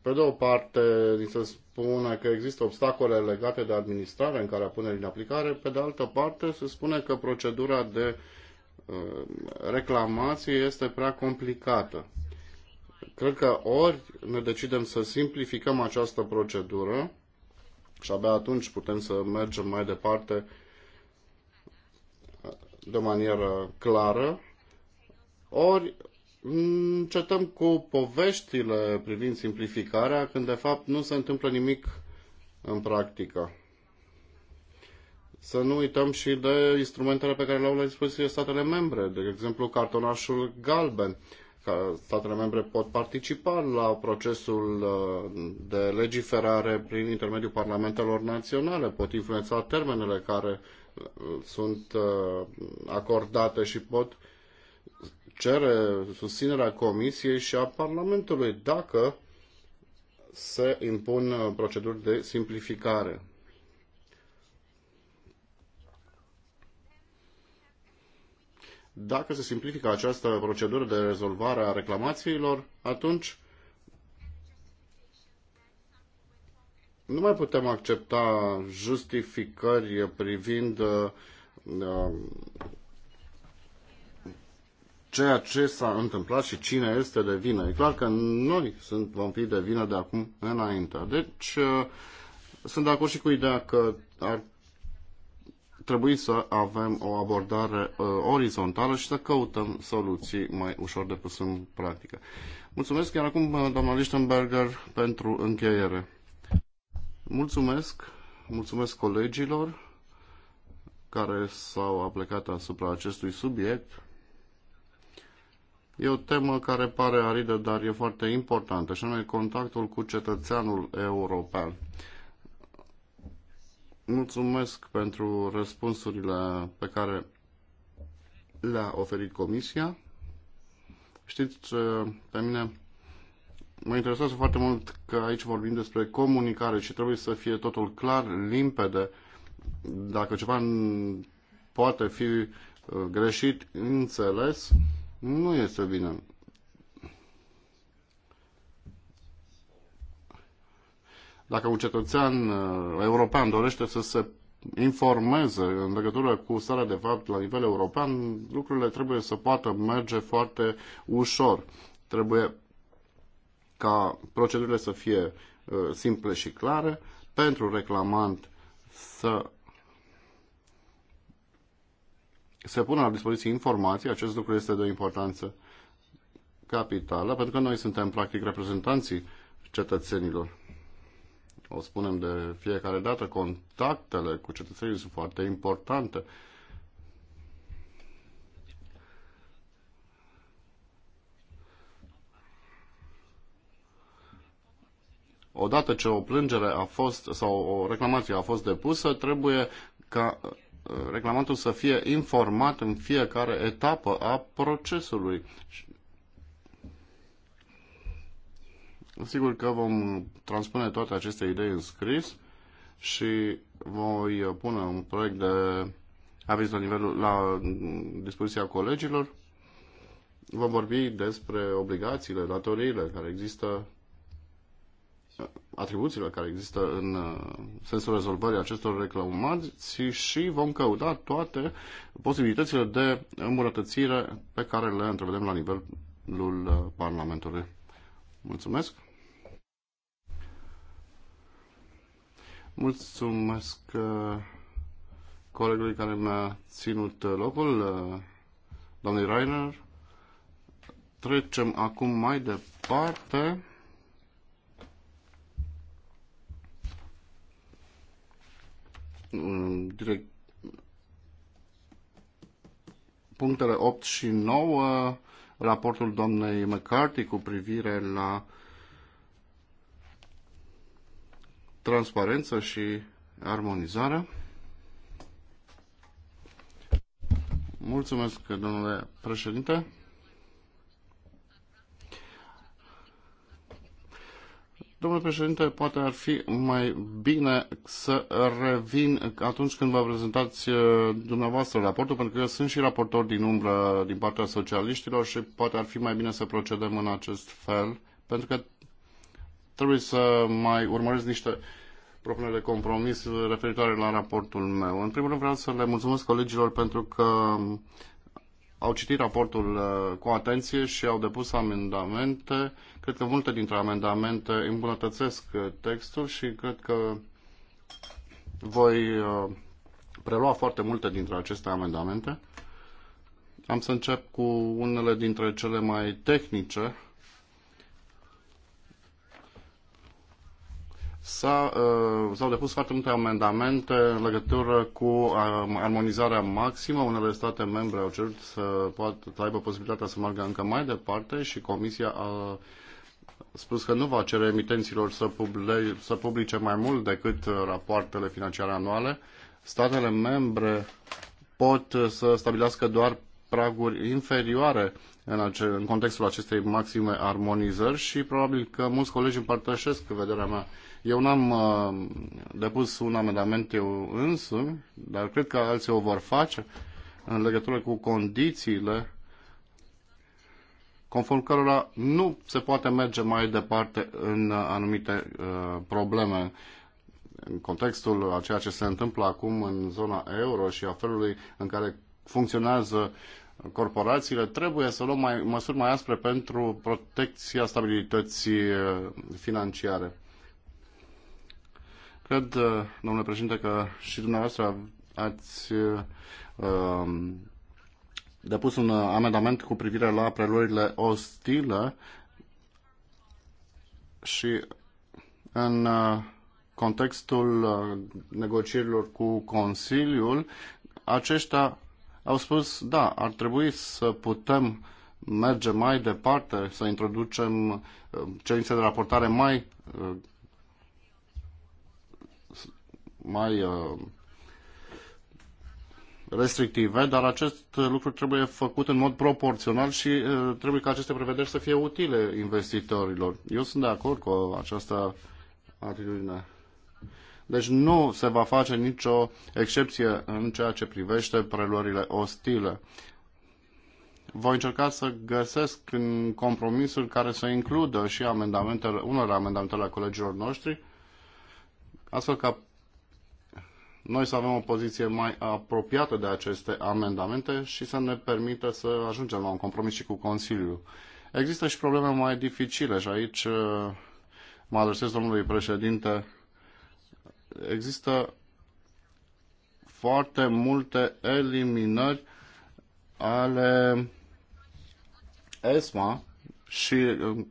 Pe de o parte, ni se spune că există obstacole legate de administrare în care a pune în aplicare, pe de altă parte, se spune că procedura de uh, Uh, reclamație este prea complicată. Cred că ori ne decidem să simplificăm această procedură și abia atunci putem să mergem mai departe de manieră clară, ori încetăm cu poveștile privind simplificarea, când de fapt nu se întâmplă nimic în practică să nu uităm și de instrumentele pe care le au la dispoziție statele membre, de exemplu cartonașul galben. Statele membre pot participa la procesul uh, de legiferare prin intermediul parlamentelor naționale, pot influența termenele care uh, sunt uh, acordate și pot cere susținerea Comisiei și a Parlamentului dacă se impun proceduri de simplificare. Dacă se simplifică această procedură de rezolvare a reclamațiilor, atunci nu mai putem accepta justificări privind uh, um, ceea ce s-a întâmplat și cine este de vină. E clar că noi sunt, vom fi de vină de acum înainte. Deci, uh, sunt de acord și cu ideea că ar trebui să avem o abordare uh, orizontală și să căutăm soluții mai ușor de pus în practică. Mulțumesc chiar acum, uh, doamna Lichtenberger, pentru încheiere. Mulțumesc, mulțumesc colegilor care s-au aplicat asupra acestui subiect. E o temă care pare aridă, dar e foarte importantă, și anume contactul cu cetățeanul european. Mulțumesc pentru răspunsurile pe care le-a oferit Comisia. Știți, pe mine mă interesează foarte mult că aici vorbim despre comunicare și trebuie să fie totul clar, limpede. Dacă ceva poate fi uh, greșit înțeles, nu este bine. Dacă un cetățean uh, european dorește să se informeze în legătură cu starea de fapt la nivel european, lucrurile trebuie să poată merge foarte ușor. Trebuie ca procedurile să fie uh, simple și clare, pentru reclamant să se pună la dispoziție informații, acest lucru este de o importanță capitală, pentru că noi suntem practic reprezentanții cetățenilor o spunem de fiecare dată, contactele cu cetățenii sunt foarte importante. Odată ce o plângere a fost sau o reclamație a fost depusă, trebuie ca uh, reclamantul să fie informat în fiecare etapă a procesului. Sigur că vom transpune toate aceste idei în scris și voi pune un proiect de aviz la, nivelul, la dispoziția colegilor. Vom vorbi despre obligațiile, datoriile care există, atribuțiile care există în uh, sensul rezolvării acestor reclamații și vom căuta toate posibilitățile de îmbunătățire pe care le întrevedem la nivelul uh, Parlamentului. Mulțumesc! Mulțumesc uh, colegului care mi-a ținut uh, locul, uh, domnul Rainer. Trecem acum mai departe. Mm, direct punctele 8 și 9, raportul doamnei McCarthy cu privire la transparență și armonizarea. Mulțumesc, domnule președinte. Domnule președinte, poate ar fi mai bine să revin atunci când vă prezentați uh, dumneavoastră raportul, pentru că eu sunt și raportor din umbră din partea socialiștilor și poate ar fi mai bine să procedăm în acest fel, pentru că trebuie să mai urmăresc niște propuneri de compromis referitoare la raportul meu. În primul rând vreau să le mulțumesc colegilor pentru că au citit raportul uh, cu atenție și au depus amendamente. Cred că multe dintre amendamente îmbunătățesc uh, textul și cred că voi uh, prelua foarte multe dintre aceste amendamente. Am să încep cu unele dintre cele mai tehnice Uh, s-au depus foarte multe amendamente în legătură cu uh, armonizarea maximă. Unele state membre au cerut să, poată, să aibă posibilitatea să meargă încă mai departe și Comisia a spus că nu va cere emitenților să, publice, să publice mai mult decât rapoartele financiare anuale. Statele membre pot să stabilească doar praguri inferioare în, ace- în contextul acestei maxime armonizări și probabil că mulți colegi împărtășesc vederea mea eu n-am uh, depus un amendament eu însumi, dar cred că alții o vor face în legătură cu condițiile conform cărora nu se poate merge mai departe în anumite uh, probleme în contextul a ceea ce se întâmplă acum în zona euro și a felului în care funcționează corporațiile, trebuie să luăm mai, măsuri mai aspre pentru protecția stabilității uh, financiare. Cred, uh, domnule președinte, că și dumneavoastră ați uh, um, depus un amendament cu privire la preluările ostile și în uh, contextul uh, negocierilor cu Consiliul, aceștia au spus, da, ar trebui să putem merge mai departe, să introducem cerințe de raportare mai mai uh, restrictive, dar acest lucru trebuie făcut în mod proporțional și uh, trebuie ca aceste prevederi să fie utile investitorilor. Eu sunt de acord cu această atitudine. Deci nu se va face nicio excepție în ceea ce privește preluările ostile. Voi încerca să găsesc în compromisul care să includă și amendamentele, unele amendamentele colegilor noștri, astfel ca noi să avem o poziție mai apropiată de aceste amendamente și să ne permită să ajungem la un compromis și cu Consiliul. Există și probleme mai dificile și aici uh, mă adresez domnului președinte. Există foarte multe eliminări ale ESMA și uh,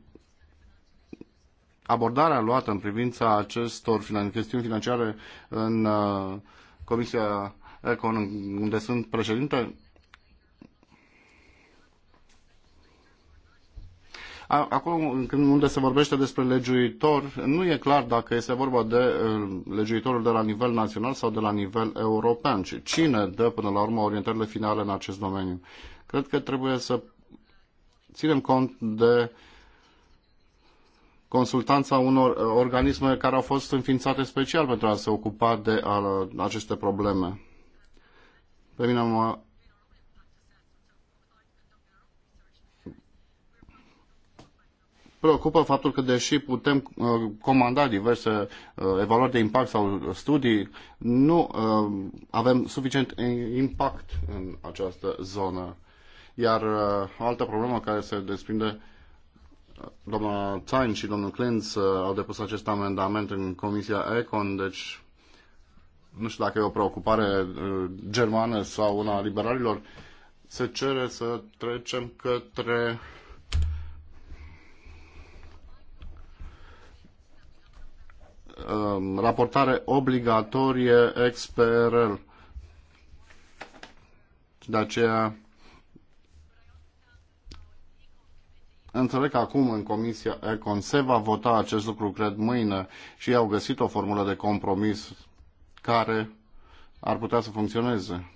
abordarea luată în privința acestor finan- chestiuni financiare în uh, Comisia Econ, unde sunt președinte, Acolo unde se vorbește despre legiuitor, nu e clar dacă este vorba de uh, legiuitorul de la nivel național sau de la nivel european, ci cine dă până la urmă orientările finale în acest domeniu. Cred că trebuie să ținem cont de uh, consultanța unor uh, organisme care au fost înființate special pentru a se ocupa de uh, aceste probleme. Pe mine mă preocupă faptul că, deși putem uh, comanda diverse evaluări de impact sau studii, nu avem suficient impact în această zonă. Iar o altă problemă care se desprinde doamna Tain și domnul Clint uh, au depus acest amendament în Comisia Econ, deci nu știu dacă e o preocupare uh, germană sau una a liberalilor, se cere să trecem către um, raportare obligatorie XPRL. De aceea Înțeleg că acum în Comisia Econ se va vota acest lucru, cred, mâine și au găsit o formulă de compromis care ar putea să funcționeze.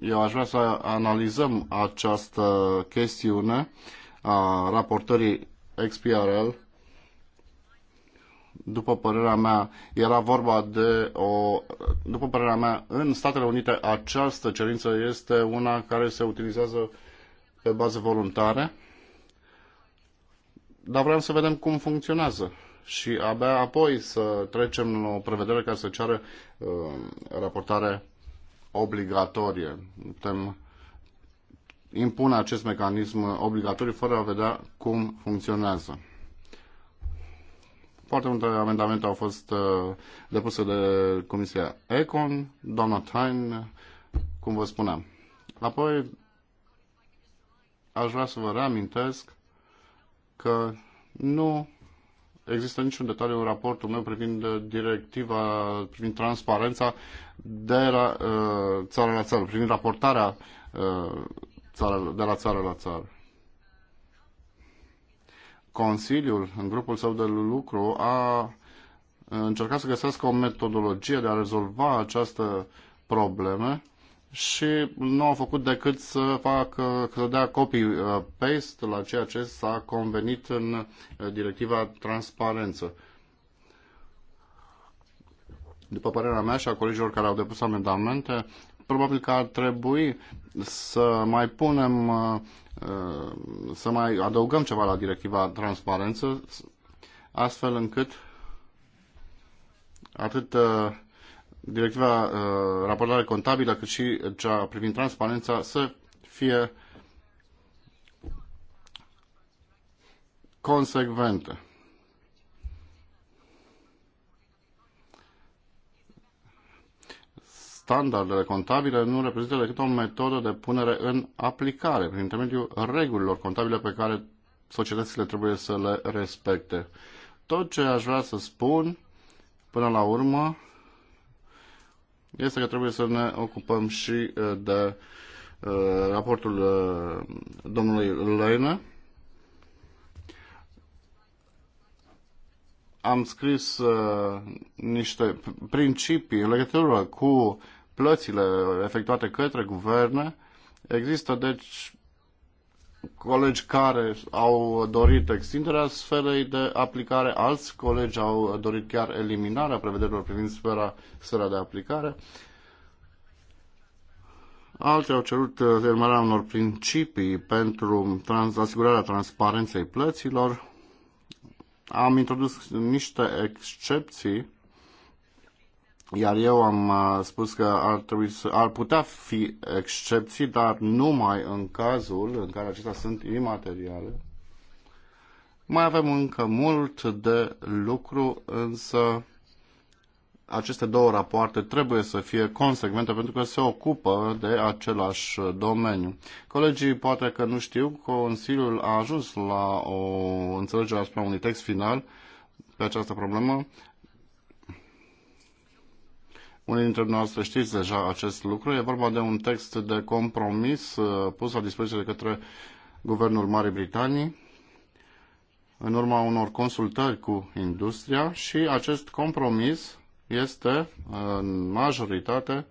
Eu aș vrea să analizăm această chestiune a raportării XPRL. După părerea mea, era vorba de o... După părerea mea, în Statele Unite această cerință este una care se utilizează pe bază voluntară dar vreau să vedem cum funcționează și abia apoi să trecem la o prevedere care să ceară uh, raportare obligatorie. Putem impune acest mecanism obligatoriu fără a vedea cum funcționează. Foarte multe amendamente au fost uh, depuse de Comisia Econ, doamna Tain, cum vă spuneam. Apoi, aș vrea să vă reamintesc că nu există niciun detaliu în raportul meu privind uh, directiva, privind transparența de la uh, țară la țară, privind raportarea uh, țară, de la țară la țară. Consiliul, în grupul său de lucru, a uh, încercat să găsească o metodologie de a rezolva această probleme și nu au făcut decât să facă, să dea copy-paste uh, la ceea ce s-a convenit în uh, directiva transparență. După părerea mea și a colegilor care au depus amendamente, probabil că ar trebui să mai punem, uh, să mai adăugăm ceva la directiva transparență, astfel încât atât directiva uh, raportare contabilă, cât și cea privind transparența să fie consecvente. Standardele contabile nu reprezintă decât o metodă de punere în aplicare prin intermediul regulilor contabile pe care societățile trebuie să le respecte. Tot ce aș vrea să spun până la urmă este că trebuie să ne ocupăm și uh, de uh, raportul uh, domnului Leine. Am scris niște principii legătură cu plățile efectuate către guverne. Există, deci, colegi care au dorit extinderea sferei de aplicare, alți colegi au dorit chiar eliminarea prevederilor privind sfera, sfera de aplicare. Alții au cerut urmarea unor principii pentru trans, asigurarea transparenței plăților. Am introdus niște excepții iar eu am uh, spus că ar, trebui să, ar putea fi excepții, dar numai în cazul în care acestea sunt imateriale. Mai avem încă mult de lucru, însă aceste două rapoarte trebuie să fie consecvente pentru că se ocupă de același domeniu. Colegii poate că nu știu, Consiliul a ajuns la o înțelegere asupra unui text final pe această problemă. Unii dintre noastre știți deja acest lucru. E vorba de un text de compromis uh, pus la dispoziție de către Guvernul Marii Britanii în urma unor consultări cu industria și acest compromis este uh, în majoritate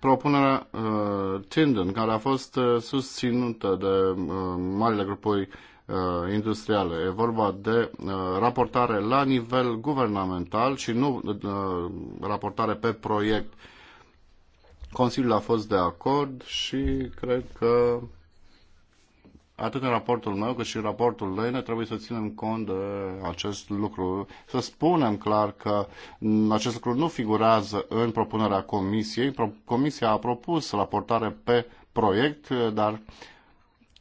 propunerea uh, Tinden, care a fost uh, susținută de uh, marile grupuri uh, Uh, industriale. E vorba de uh, raportare la nivel guvernamental și nu uh, raportare pe proiect. Consiliul a fost de acord și cred că atât în raportul meu cât și în raportul ne trebuie să ținem cont de acest lucru. Să spunem clar că acest lucru nu figurează în propunerea comisiei. Comisia a propus raportare pe proiect, dar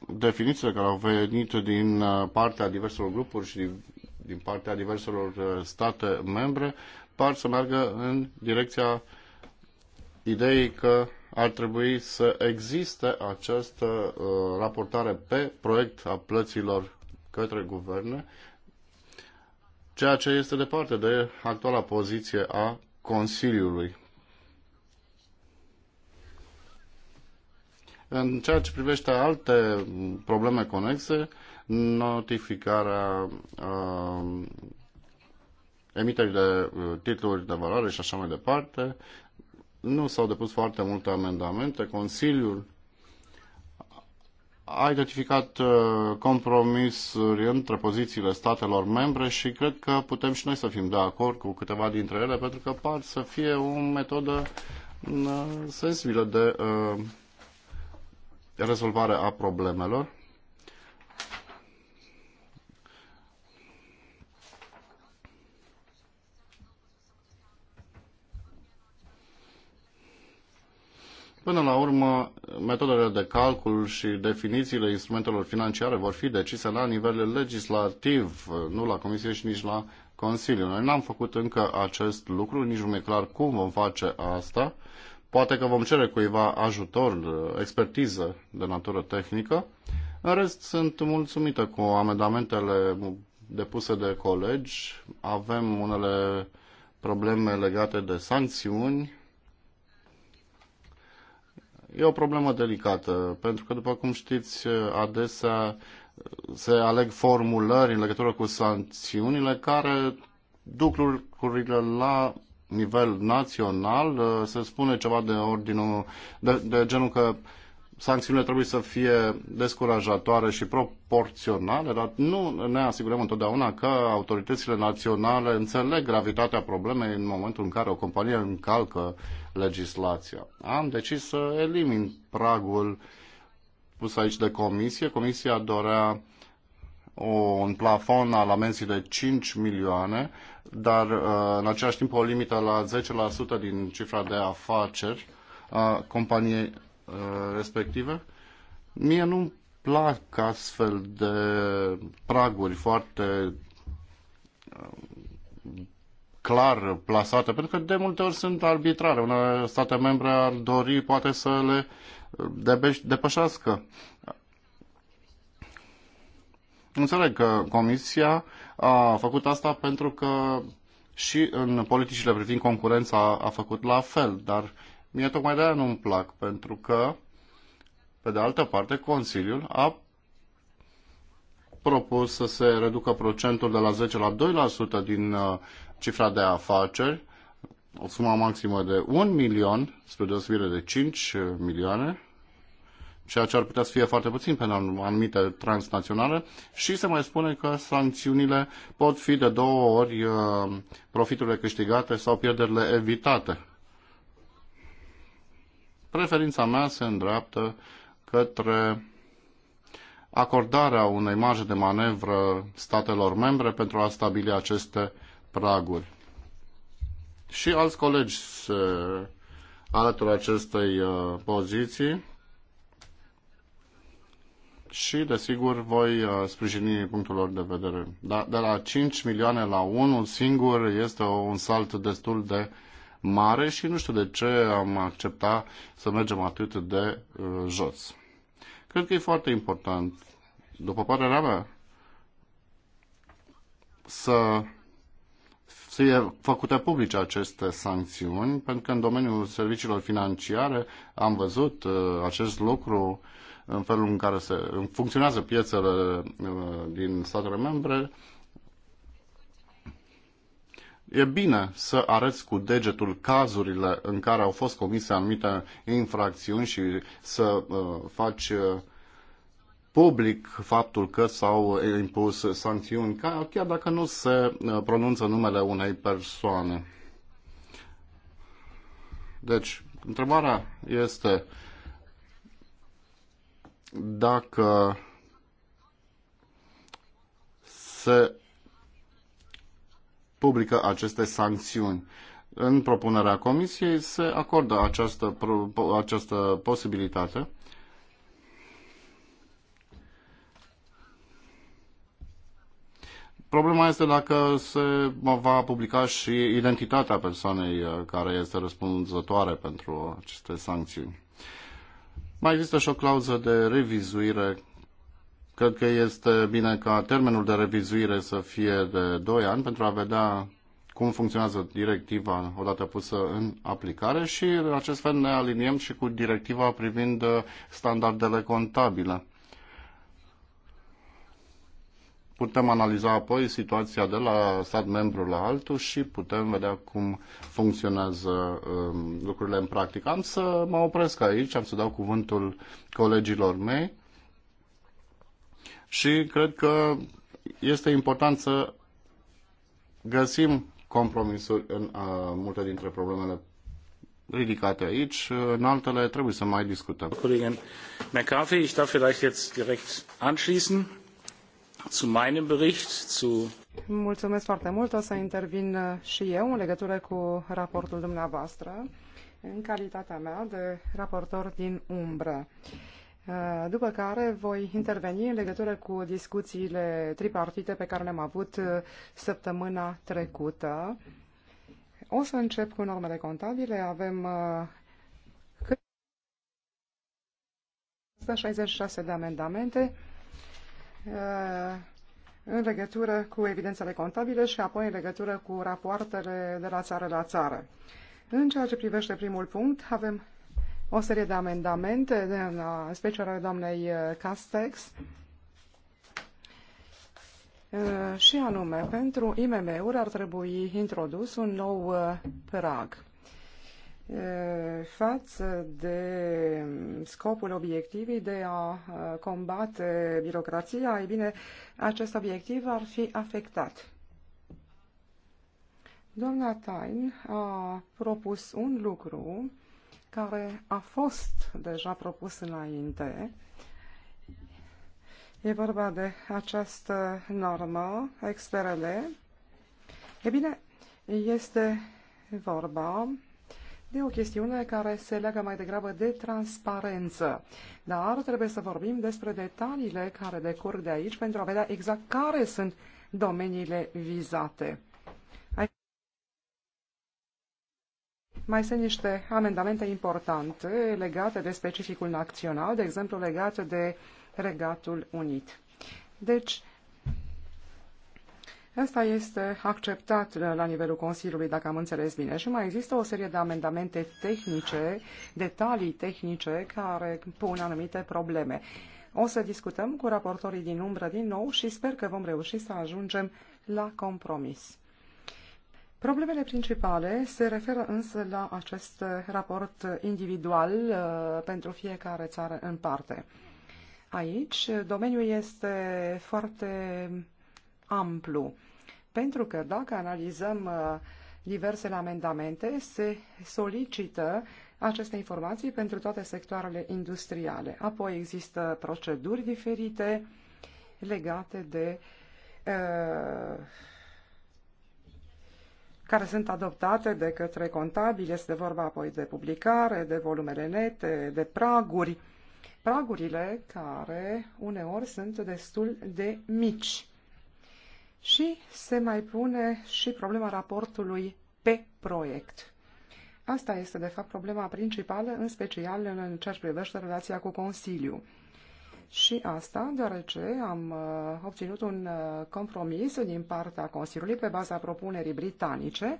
definițiile care au venit din uh, partea diverselor grupuri și din, din partea diverselor uh, state membre par să meargă în direcția ideii că ar trebui să existe această uh, raportare pe proiect a plăților către guverne, ceea ce este departe de actuala poziție a Consiliului. În ceea ce privește alte probleme conexe, notificarea uh, emiterii de uh, titluri de valoare și așa mai departe, nu s-au depus foarte multe amendamente. Consiliul a identificat uh, compromisuri între pozițiile statelor membre și cred că putem și noi să fim de acord cu câteva dintre ele, pentru că par să fie o metodă uh, sensibilă de rezolvare a problemelor. Până la urmă, metodele de calcul și definițiile instrumentelor financiare vor fi decise la nivel legislativ, nu la Comisie și nici la Consiliu. Noi n-am făcut încă acest lucru, nici nu e clar cum vom face asta. Poate că vom cere cuiva ajutor, expertiză de natură tehnică. În rest, sunt mulțumită cu amendamentele depuse de colegi. Avem unele probleme legate de sancțiuni. E o problemă delicată, pentru că, după cum știți, adesea se aleg formulări în legătură cu sancțiunile care duc lucrurile la nivel național uh, se spune ceva de ordinul, de, de genul că sancțiunile trebuie să fie descurajatoare și proporționale, dar nu ne asigurăm întotdeauna că autoritățile naționale înțeleg gravitatea problemei în momentul în care o companie încalcă legislația. Am decis să elimin pragul pus aici de comisie. Comisia dorea o, un plafon al amenzii de 5 milioane, dar uh, în același timp o limită la 10% din cifra de afaceri a uh, companiei uh, respective. Mie nu-mi plac astfel de praguri foarte clar plasate, pentru că de multe ori sunt arbitrare. Unele state membre ar dori poate să le depășească. Înțeleg că Comisia a făcut asta pentru că și în politicile privind concurența a făcut la fel, dar mie tocmai de-aia nu-mi plac, pentru că, pe de altă parte, Consiliul a propus să se reducă procentul de la 10 la 2% din uh, cifra de afaceri, o sumă maximă de 1 milion, spre deosebire de 5 uh, milioane, ceea ce ar putea să fie foarte puțin pentru anumite transnaționale și se mai spune că sancțiunile pot fi de două ori uh, profiturile câștigate sau pierderile evitate. Preferința mea se îndreaptă către acordarea unei marge de manevră statelor membre pentru a stabili aceste praguri. Și alți colegi se alătură acestei uh, poziții și, desigur, voi uh, sprijini punctul lor de vedere. Dar de la 5 milioane la 1 singur este un salt destul de mare și nu știu de ce am acceptat să mergem atât de uh, jos. Cred că e foarte important, după părerea mea, să fie făcute publice aceste sancțiuni, pentru că în domeniul serviciilor financiare am văzut uh, acest lucru uh, în felul în care se funcționează piețele uh, din statele membre, E bine să arăți cu degetul cazurile în care au fost comise anumite infracțiuni și să uh, faci uh, public faptul că s-au impus sancțiuni, chiar dacă nu se pronunță numele unei persoane. Deci, întrebarea este dacă se publică aceste sancțiuni. În propunerea Comisiei se acordă această, această posibilitate. Problema este dacă se va publica și identitatea persoanei uh, care este răspunzătoare pentru aceste sancțiuni. Mai există și o clauză de revizuire. Cred că este bine ca termenul de revizuire să fie de 2 ani pentru a vedea cum funcționează directiva odată pusă în aplicare și în acest fel ne aliniem și cu directiva privind standardele contabile. putem analiza apoi situația de la stat membru la altul și putem vedea cum funcționează um, lucrurile în practică. Am să mă opresc aici, am să dau cuvântul colegilor mei și cred că este important să găsim compromisuri în uh, multe dintre problemele ridicate aici, în altele trebuie să mai discutăm. Colegen McCarthy, ich darf vielleicht jetzt direkt anschließen zu meinem Bericht, zu Mulțumesc foarte mult. O să intervin uh, și eu în legătură cu raportul dumneavoastră în calitatea mea de raportor din umbră. Uh, după care voi interveni în legătură cu discuțiile tripartite pe care le-am avut uh, săptămâna trecută. O să încep cu normele contabile. Avem 166 de amendamente Uh, în legătură cu evidențele contabile și apoi în legătură cu rapoartele de la țară la țară. În ceea ce privește primul punct, avem o serie de amendamente, în special ale doamnei uh, Castex, uh, și anume, pentru IMM-uri ar trebui introdus un nou prag față de scopul obiectivii de a combate birocrația, ei bine, acest obiectiv ar fi afectat. Doamna Tain a propus un lucru care a fost deja propus înainte. E vorba de această normă, XRL. E bine, este vorba de o chestiune care se leagă mai degrabă de transparență. Dar trebuie să vorbim despre detaliile care decurg de aici pentru a vedea exact care sunt domeniile vizate. Mai sunt niște amendamente importante legate de specificul național, de exemplu legate de Regatul Unit. Deci, Asta este acceptat la nivelul Consiliului, dacă am înțeles bine. Și mai există o serie de amendamente tehnice, detalii tehnice, care pun anumite probleme. O să discutăm cu raportorii din umbră din nou și sper că vom reuși să ajungem la compromis. Problemele principale se referă însă la acest raport individual uh, pentru fiecare țară în parte. Aici domeniul este foarte amplu. Pentru că dacă analizăm uh, diversele amendamente, se solicită aceste informații pentru toate sectoarele industriale. Apoi există proceduri diferite legate de uh, care sunt adoptate de către contabili. Este vorba apoi de publicare, de volumele nete, de praguri. Pragurile care uneori sunt destul de mici. Și se mai pune și problema raportului pe proiect. Asta este, de fapt, problema principală, în special în ceea ce privește relația cu Consiliu. Și asta deoarece am uh, obținut un uh, compromis din partea Consiliului pe baza propunerii britanice,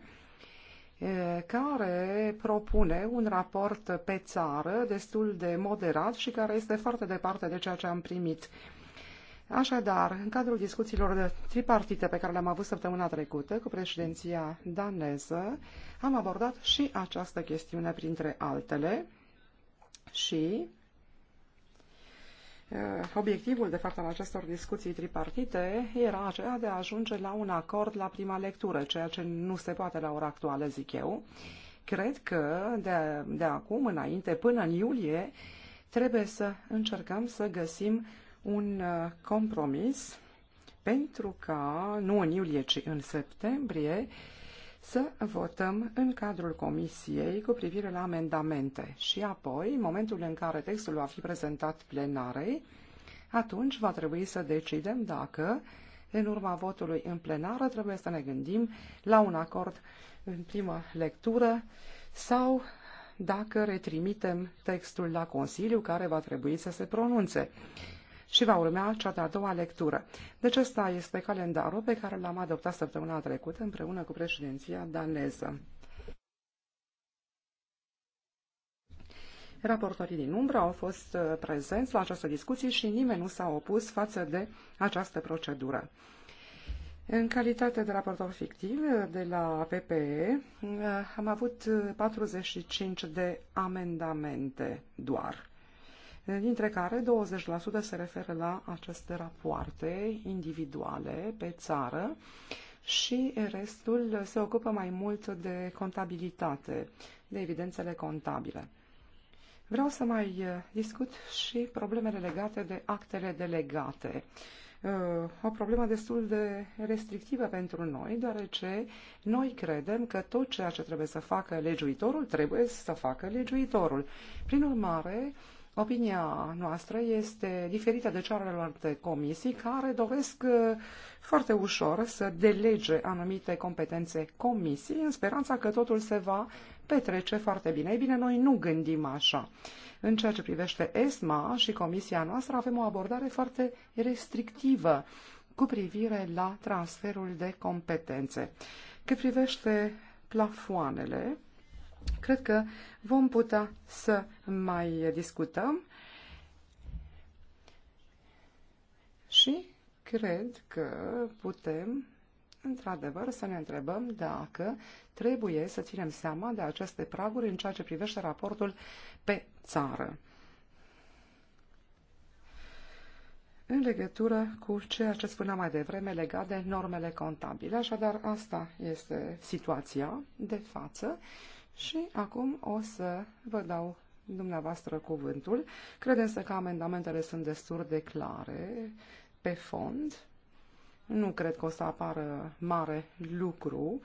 care propune un raport pe țară destul de moderat și care este foarte departe de ceea ce am primit uh, Așadar, în cadrul discuțiilor tripartite pe care le-am avut săptămâna trecută cu președinția daneză, am abordat și această chestiune printre altele și uh, Obiectivul, de fapt, al acestor discuții tripartite era aceea de a ajunge la un acord la prima lectură, ceea ce nu se poate la ora actuală, zic eu. Cred că de, de acum înainte, până în iulie, trebuie să încercăm să găsim un uh, compromis pentru ca, nu în iulie, ci în septembrie, să votăm în cadrul comisiei cu privire la amendamente și apoi, în momentul în care textul va fi prezentat plenarei, atunci va trebui să decidem dacă, în urma votului în plenară, trebuie să ne gândim la un acord în primă lectură sau dacă retrimitem textul la Consiliu care va trebui să se pronunțe și va urmea cea de-a doua lectură. Deci ăsta este calendarul pe care l-am adoptat săptămâna trecută împreună cu președinția daneză. Raportorii din umbră au fost uh, prezenți la această discuție și nimeni nu s-a opus față de această procedură. În calitate de raportor fictiv uh, de la PPE, uh, am avut 45 de amendamente doar dintre care 20% se referă la aceste rapoarte individuale pe țară și restul se ocupă mai mult de contabilitate, de evidențele contabile. Vreau să mai eh, discut și problemele legate de actele delegate. Eh, o problemă destul de restrictivă pentru noi, deoarece noi credem că tot ceea ce trebuie să facă legiuitorul, trebuie să facă legiuitorul. Prin urmare, Opinia noastră este diferită de cealaltă comisii care doresc uh, foarte ușor să delege anumite competențe comisii în speranța că totul se va petrece foarte bine. Ei bine, noi nu gândim așa. În ceea ce privește ESMA și comisia noastră avem o abordare foarte restrictivă cu privire la transferul de competențe. Cât privește plafoanele, Cred că vom putea să mai discutăm și cred că putem într-adevăr, să ne întrebăm dacă trebuie să ținem seama de aceste praguri în ceea ce privește raportul pe țară. În legătură cu ceea ce spuneam mai devreme legat de normele contabile, așadar asta este situația de față și acum o să vă dau dumneavoastră cuvântul. Cred însă că amendamentele sunt destul de clare pe fond. Nu cred că o să apară mare lucru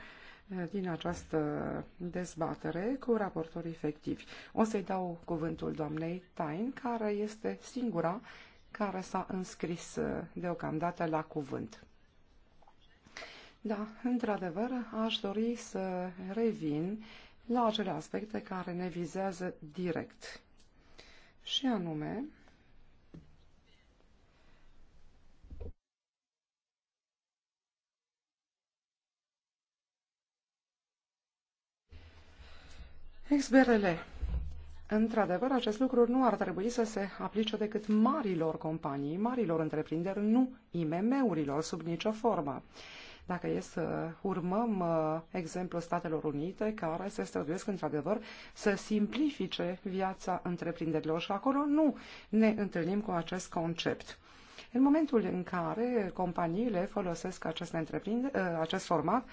eh, din această dezbatere cu raportori efectivi. O să-i dau cuvântul doamnei Tain, care este singura care s-a înscris eh, deocamdată la cuvânt. Da, într-adevăr, aș dori să revin uh, la acele aspecte care ne vizează direct. Și anume, Exberele. Într-adevăr, acest lucru nu ar trebui să se aplice decât marilor companii, marilor întreprinderi, nu IMM-urilor, sub nicio formă dacă e să urmăm uh, exemplul Statelor Unite, care se străduiesc într-adevăr să simplifice viața întreprinderilor și acolo nu ne întâlnim cu acest concept. În momentul în care companiile folosesc acest, uh, acest format,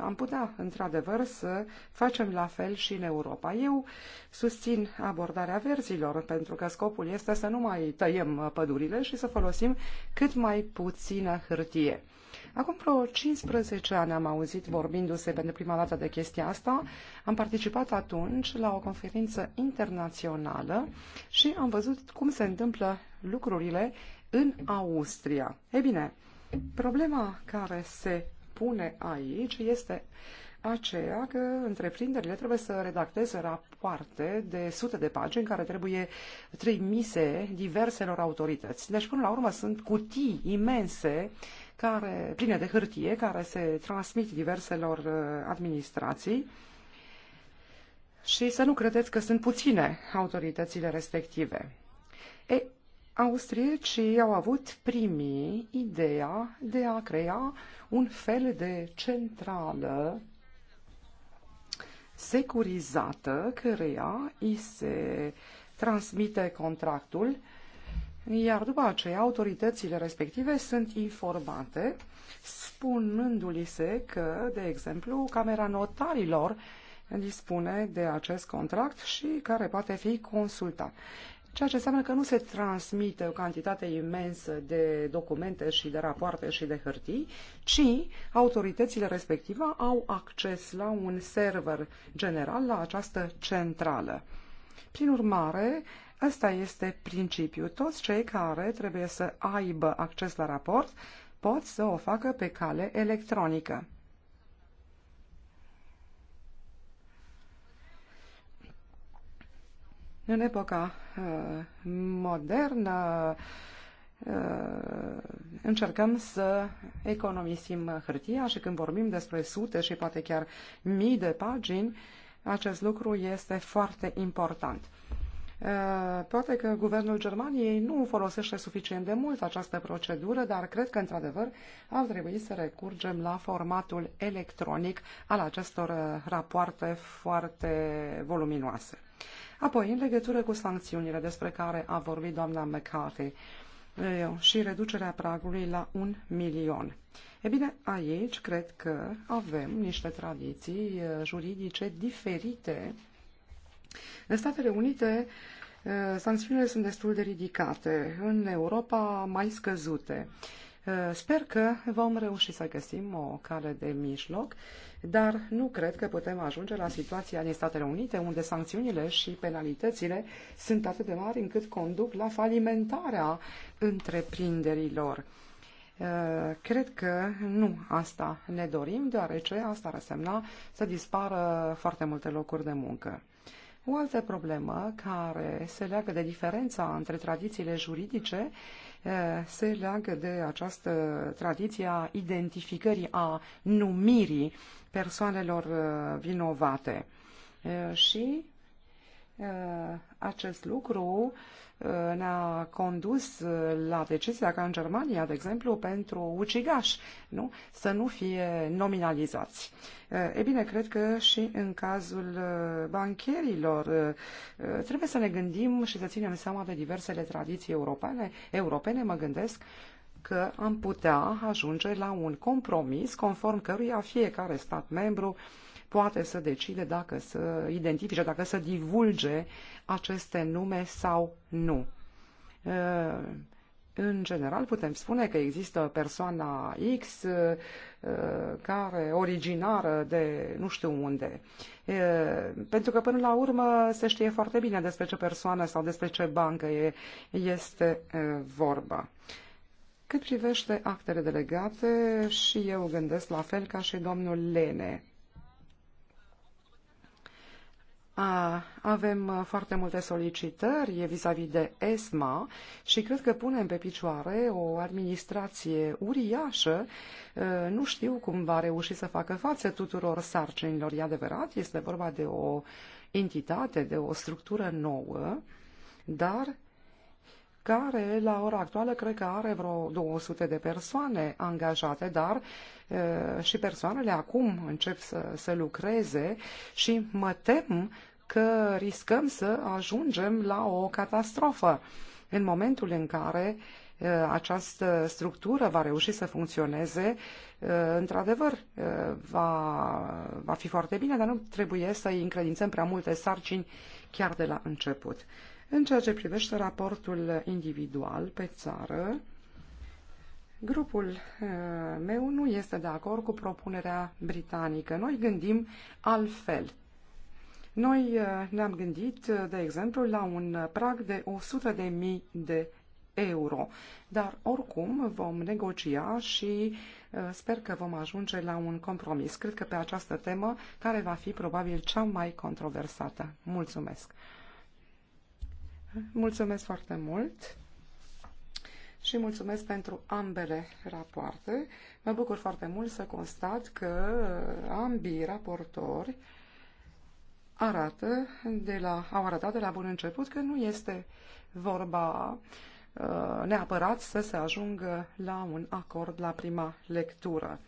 am putea, într-adevăr, să facem la fel și în Europa. Eu susțin abordarea verzilor, pentru că scopul este să nu mai tăiem uh, pădurile și să folosim cât mai puțină hârtie. Acum vreo 15 ani am auzit vorbindu-se pentru prima dată de chestia asta. Am participat atunci la o conferință internațională și am văzut cum se întâmplă lucrurile în Austria. Ei bine, problema care se pune aici este aceea că întreprinderile trebuie să redacteze rapoarte de sute de pagini care trebuie trimise diverselor autorități. Deci, până la urmă, sunt cutii imense care, pline de hârtie care se transmit diverselor uh, administrații și să nu credeți că sunt puține autoritățile respective. E, austriecii au avut primii ideea de a crea un fel de centrală securizată, căreia îi se transmite contractul iar după aceea autoritățile respective sunt informate spunându-li se că, de exemplu, Camera Notarilor dispune de acest contract și care poate fi consultat. Ceea ce înseamnă că nu se transmite o cantitate imensă de documente și de rapoarte și de hârtii, ci autoritățile respective au acces la un server general, la această centrală. Prin urmare, Asta este principiul. Toți cei care trebuie să aibă acces la raport pot să o facă pe cale electronică. În epoca uh, modernă uh, încercăm să economisim hârtia și când vorbim despre sute și poate chiar mii de pagini, acest lucru este foarte important. Uh, poate că guvernul Germaniei nu folosește suficient de mult această procedură, dar cred că, într-adevăr, ar trebui să recurgem la formatul electronic al acestor uh, rapoarte foarte voluminoase. Apoi, în legătură cu sancțiunile despre care a vorbit doamna McCarthy uh, și reducerea pragului la un milion. E bine, aici cred că avem niște tradiții juridice diferite în Statele Unite, uh, sancțiunile sunt destul de ridicate, în Europa mai scăzute. Uh, sper că vom reuși să găsim o cale de mijloc, dar nu cred că putem ajunge la situația din Statele Unite, unde sancțiunile și penalitățile sunt atât de mari încât conduc la falimentarea întreprinderilor. Uh, cred că nu asta ne dorim, deoarece asta ar semna să dispară foarte multe locuri de muncă. O altă problemă care se leagă de diferența între tradițiile juridice eh, se leagă de această tradiție a identificării, a numirii persoanelor eh, vinovate. Eh, și Uh, acest lucru uh, ne-a condus uh, la decizia ca în Germania, de exemplu, pentru ucigași, nu? să nu fie nominalizați. E bine, cred că și în cazul bancherilor trebuie să ne gândim și să ținem seama de diversele tradiții europene, europene mă gândesc, că am putea ajunge la un compromis conform căruia fiecare stat membru uh, poate să decide dacă să identifice, dacă să divulge aceste nume sau nu. Uh, în general putem spune că există persoana X uh, care originară de nu știu unde. Uh, pentru că până la urmă se știe foarte bine despre ce persoană sau despre ce bancă este vorba. Cât privește actele delegate, și eu gândesc la fel ca și domnul Lene. Avem uh, foarte multe solicitări vis-a-vis -vis de ESMA și cred că punem pe picioare o administrație uriașă. Uh, nu știu cum va reuși să facă față tuturor sarcinilor. E adevărat, este vorba de o entitate, de o structură nouă, dar care la ora actuală cred că are vreo 200 de persoane angajate, dar e, și persoanele acum încep să, să lucreze și mă tem că riscăm să ajungem la o catastrofă în momentul în care această structură va reuși să funcționeze, într-adevăr, va, va fi foarte bine, dar nu trebuie să îi încredințăm prea multe sarcini chiar de la început. În ceea ce privește raportul individual pe țară, grupul eh, meu nu este de acord cu propunerea britanică. Noi gândim altfel. Noi eh, ne-am gândit, eh, de exemplu, la un prag de 100.000 de euro. Dar oricum vom negocia și sper că vom ajunge la un compromis. Cred că pe această temă, care va fi probabil cea mai controversată. Mulțumesc! Mulțumesc foarte mult și mulțumesc pentru ambele rapoarte. Mă bucur foarte mult să constat că ambii raportori arată de la, au arătat de la bun început că nu este vorba uh, neapărat să se ajungă la un acord la prima lectură.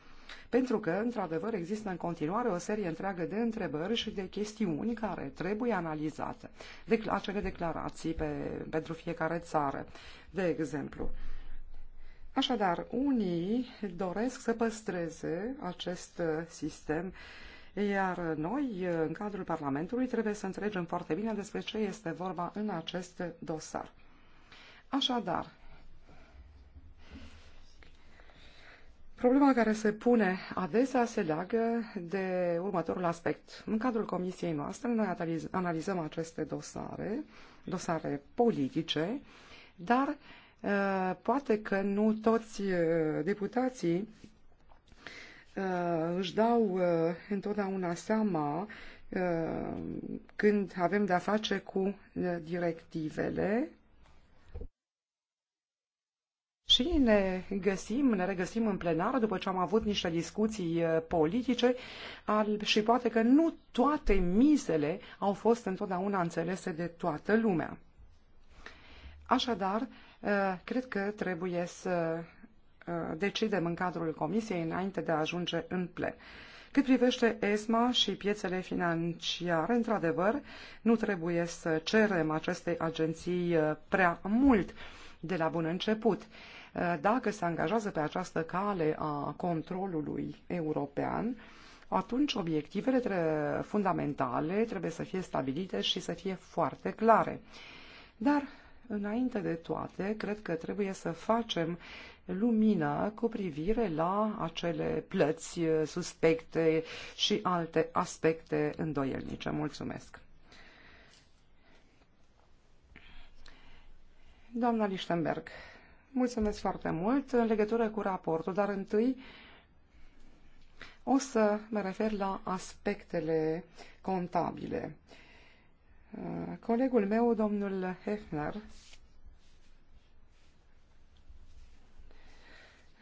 Pentru că, într-adevăr, există în continuare o serie întreagă de întrebări și de chestiuni care trebuie analizate. De acele declarații pe, pentru fiecare țară, de exemplu. Așadar, unii doresc să păstreze acest uh, sistem iar noi, uh, în cadrul Parlamentului, trebuie să înțelegem foarte bine despre ce este vorba în acest dosar. Așadar, Problema care se pune adesea se leagă de următorul aspect. În cadrul comisiei noastre, noi analizăm aceste dosare, dosare politice, dar uh, poate că nu toți uh, deputații uh, își dau întotdeauna seama când avem de-a face cu directivele și ne găsim, ne regăsim în plenară după ce am avut niște discuții uh, politice al, și poate că nu toate mizele au fost întotdeauna înțelese de toată lumea. Așadar, uh, cred că trebuie să uh, decidem în cadrul comisiei înainte de a ajunge în plen. Cât privește ESMA și piețele financiare, într-adevăr, nu trebuie să cerem acestei agenții prea mult de la bun început. Dacă se angajează pe această cale a controlului european, atunci obiectivele tre- fundamentale trebuie să fie stabilite și să fie foarte clare. Dar, înainte de toate, cred că trebuie să facem lumină cu privire la acele plăți eh, suspecte și alte aspecte îndoielnice. Mulțumesc! Doamna Lichtenberg, Mulțumesc foarte mult în legătură cu raportul, dar întâi o să mă refer la aspectele contabile. Uh, colegul meu, domnul Hefner,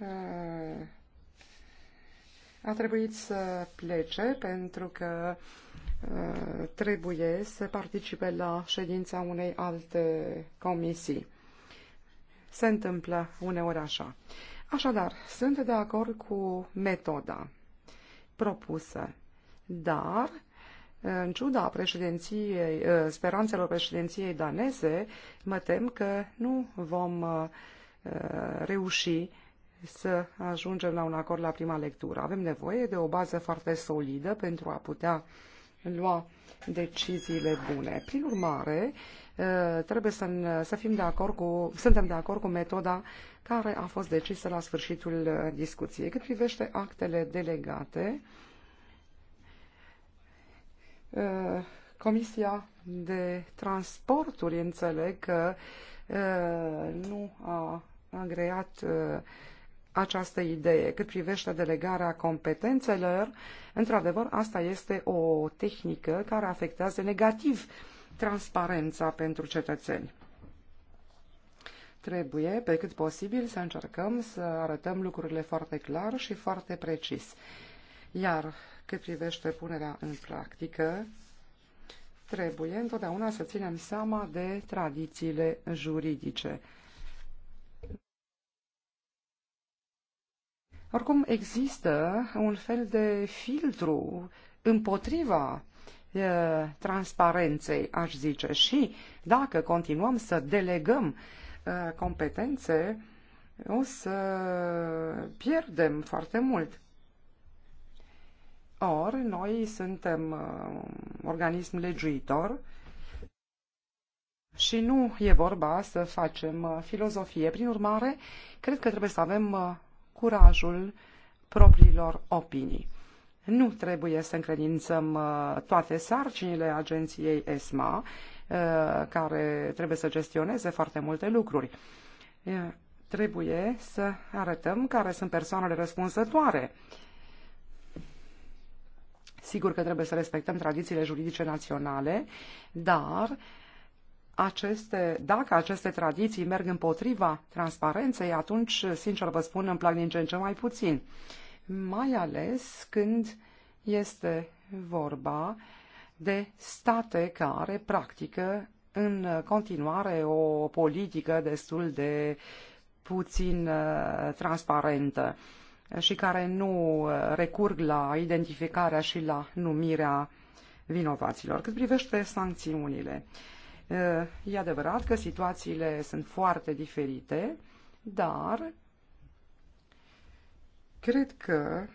uh, a trebuit să plece pentru că uh, trebuie să participe la ședința unei alte comisii se întâmplă uneori așa. Așadar, sunt de acord cu metoda propusă, dar în ciuda președinției, ă, speranțelor președinției daneze, mă tem că nu vom ă, reuși să ajungem la un acord la prima lectură. Avem nevoie de o bază foarte solidă pentru a putea lua deciziile bune. Prin urmare, Eh, trebuie să, să fim de acord cu, suntem de acord cu metoda care a fost decisă la sfârșitul eh, discuției. Cât privește actele delegate, eh, Comisia de Transporturi înțeleg că nu a agreat această idee. Cât privește delegarea competențelor, într-adevăr, asta este o tehnică care afectează negativ uh, transparența pentru cetățeni. Trebuie, pe cât posibil, să încercăm să arătăm lucrurile foarte clar și foarte precis. Iar cât privește punerea în practică, trebuie întotdeauna să ținem seama de tradițiile juridice. Oricum, există un fel de filtru împotriva Uh, transparenței, aș zice, și dacă continuăm să delegăm uh, competențe, o să pierdem foarte mult. Or, noi suntem uh, organism legiuitor și nu e vorba să facem filozofie. Prin urmare, cred că trebuie să avem curajul propriilor opinii. Nu trebuie să încredințăm uh, toate sarcinile agenției ESMA, uh, care trebuie să gestioneze foarte multe lucruri. Uh, trebuie să arătăm care sunt persoanele răspunzătoare. Sigur că trebuie să respectăm tradițiile juridice naționale, dar aceste, dacă aceste tradiții merg împotriva transparenței, atunci, sincer vă spun, îmi plac din ce în ce mai puțin. Uh, mai ales când este vorba de state care practică în continuare o politică destul de puțin uh, transparentă și care nu uh, recurg la identificarea și la numirea vinovaților. Cât privește sancțiunile, uh, e adevărat că situațiile sunt foarte diferite, dar Cred că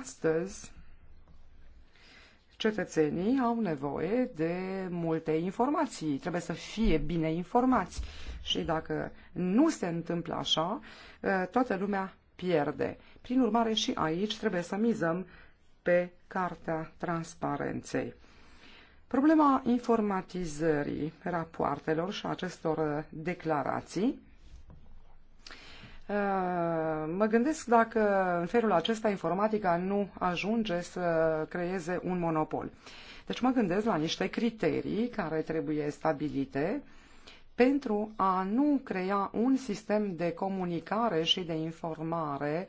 astăzi cetățenii au nevoie de multe informații, trebuie să fie bine informați și dacă nu se întâmplă așa, ă, toată lumea pierde. Prin urmare și aici trebuie să mizăm pe Cartea Transparenței. Problema informatizării rapoartelor și acestor declarații Uh, mă gândesc dacă în felul acesta informatica nu ajunge să creeze un monopol. Deci mă gândesc la niște criterii care trebuie stabilite pentru a nu crea un sistem de comunicare și de informare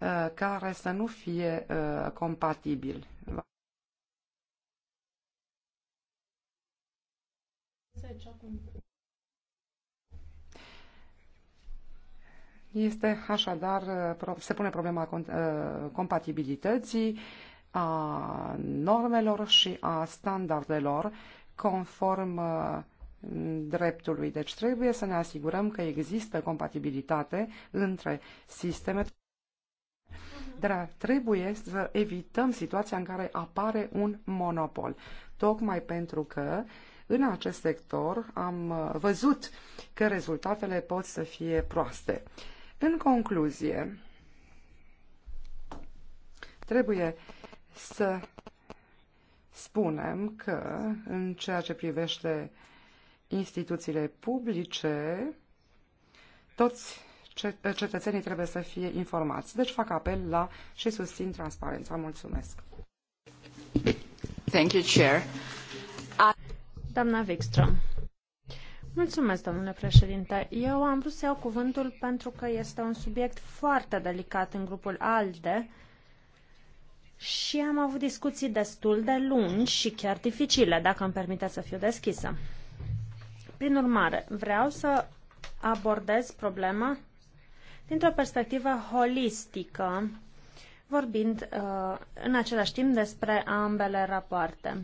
uh, care să nu fie uh, compatibil. Să Este așadar, uh, se pune problema uh, compatibilității, a normelor și a standardelor conform uh, dreptului. Deci trebuie să ne asigurăm că există compatibilitate între sisteme, mhm. dar trebuie să evităm situația în care apare un monopol. Tocmai pentru că în acest sector am văzut că rezultatele pot să fie proaste. În concluzie, trebuie să spunem că, în ceea ce privește instituțiile publice, toți cetățenii trebuie să fie informați. Deci fac apel la și susțin transparența. Mulțumesc. Thank you, Chair. Doamna Wikström. Mulțumesc, domnule președinte. Eu am vrut să iau cuvântul pentru că este un subiect foarte delicat în grupul ALDE și am avut discuții destul de lungi și chiar dificile, dacă îmi permite să fiu deschisă. Prin urmare, vreau să abordez problema dintr-o perspectivă holistică, vorbind uh, în același timp despre ambele rapoarte.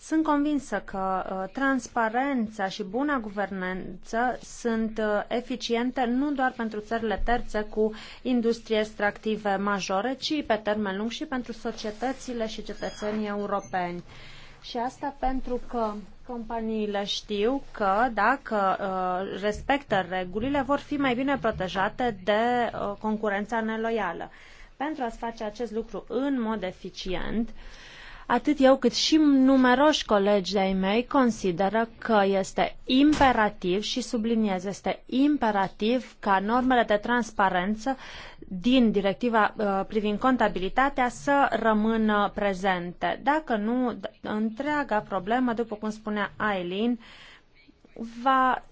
Sunt convinsă că uh, transparența și buna guvernanță sunt uh, eficiente nu doar pentru țările terțe cu industrie extractive majore, ci pe termen lung și pentru societățile și cetățenii europeni. Și asta pentru că companiile știu că dacă uh, respectă regulile, vor fi mai bine protejate de uh, concurența neloială. Pentru a-ți face acest lucru în mod eficient, uh, atât eu cât și numeroși colegi de-ai mei consideră că este imperativ și subliniez, este imperativ ca normele de transparență din directiva uh, privind contabilitatea să rămână prezente. Dacă nu, întreaga problemă, după cum spunea Aileen, va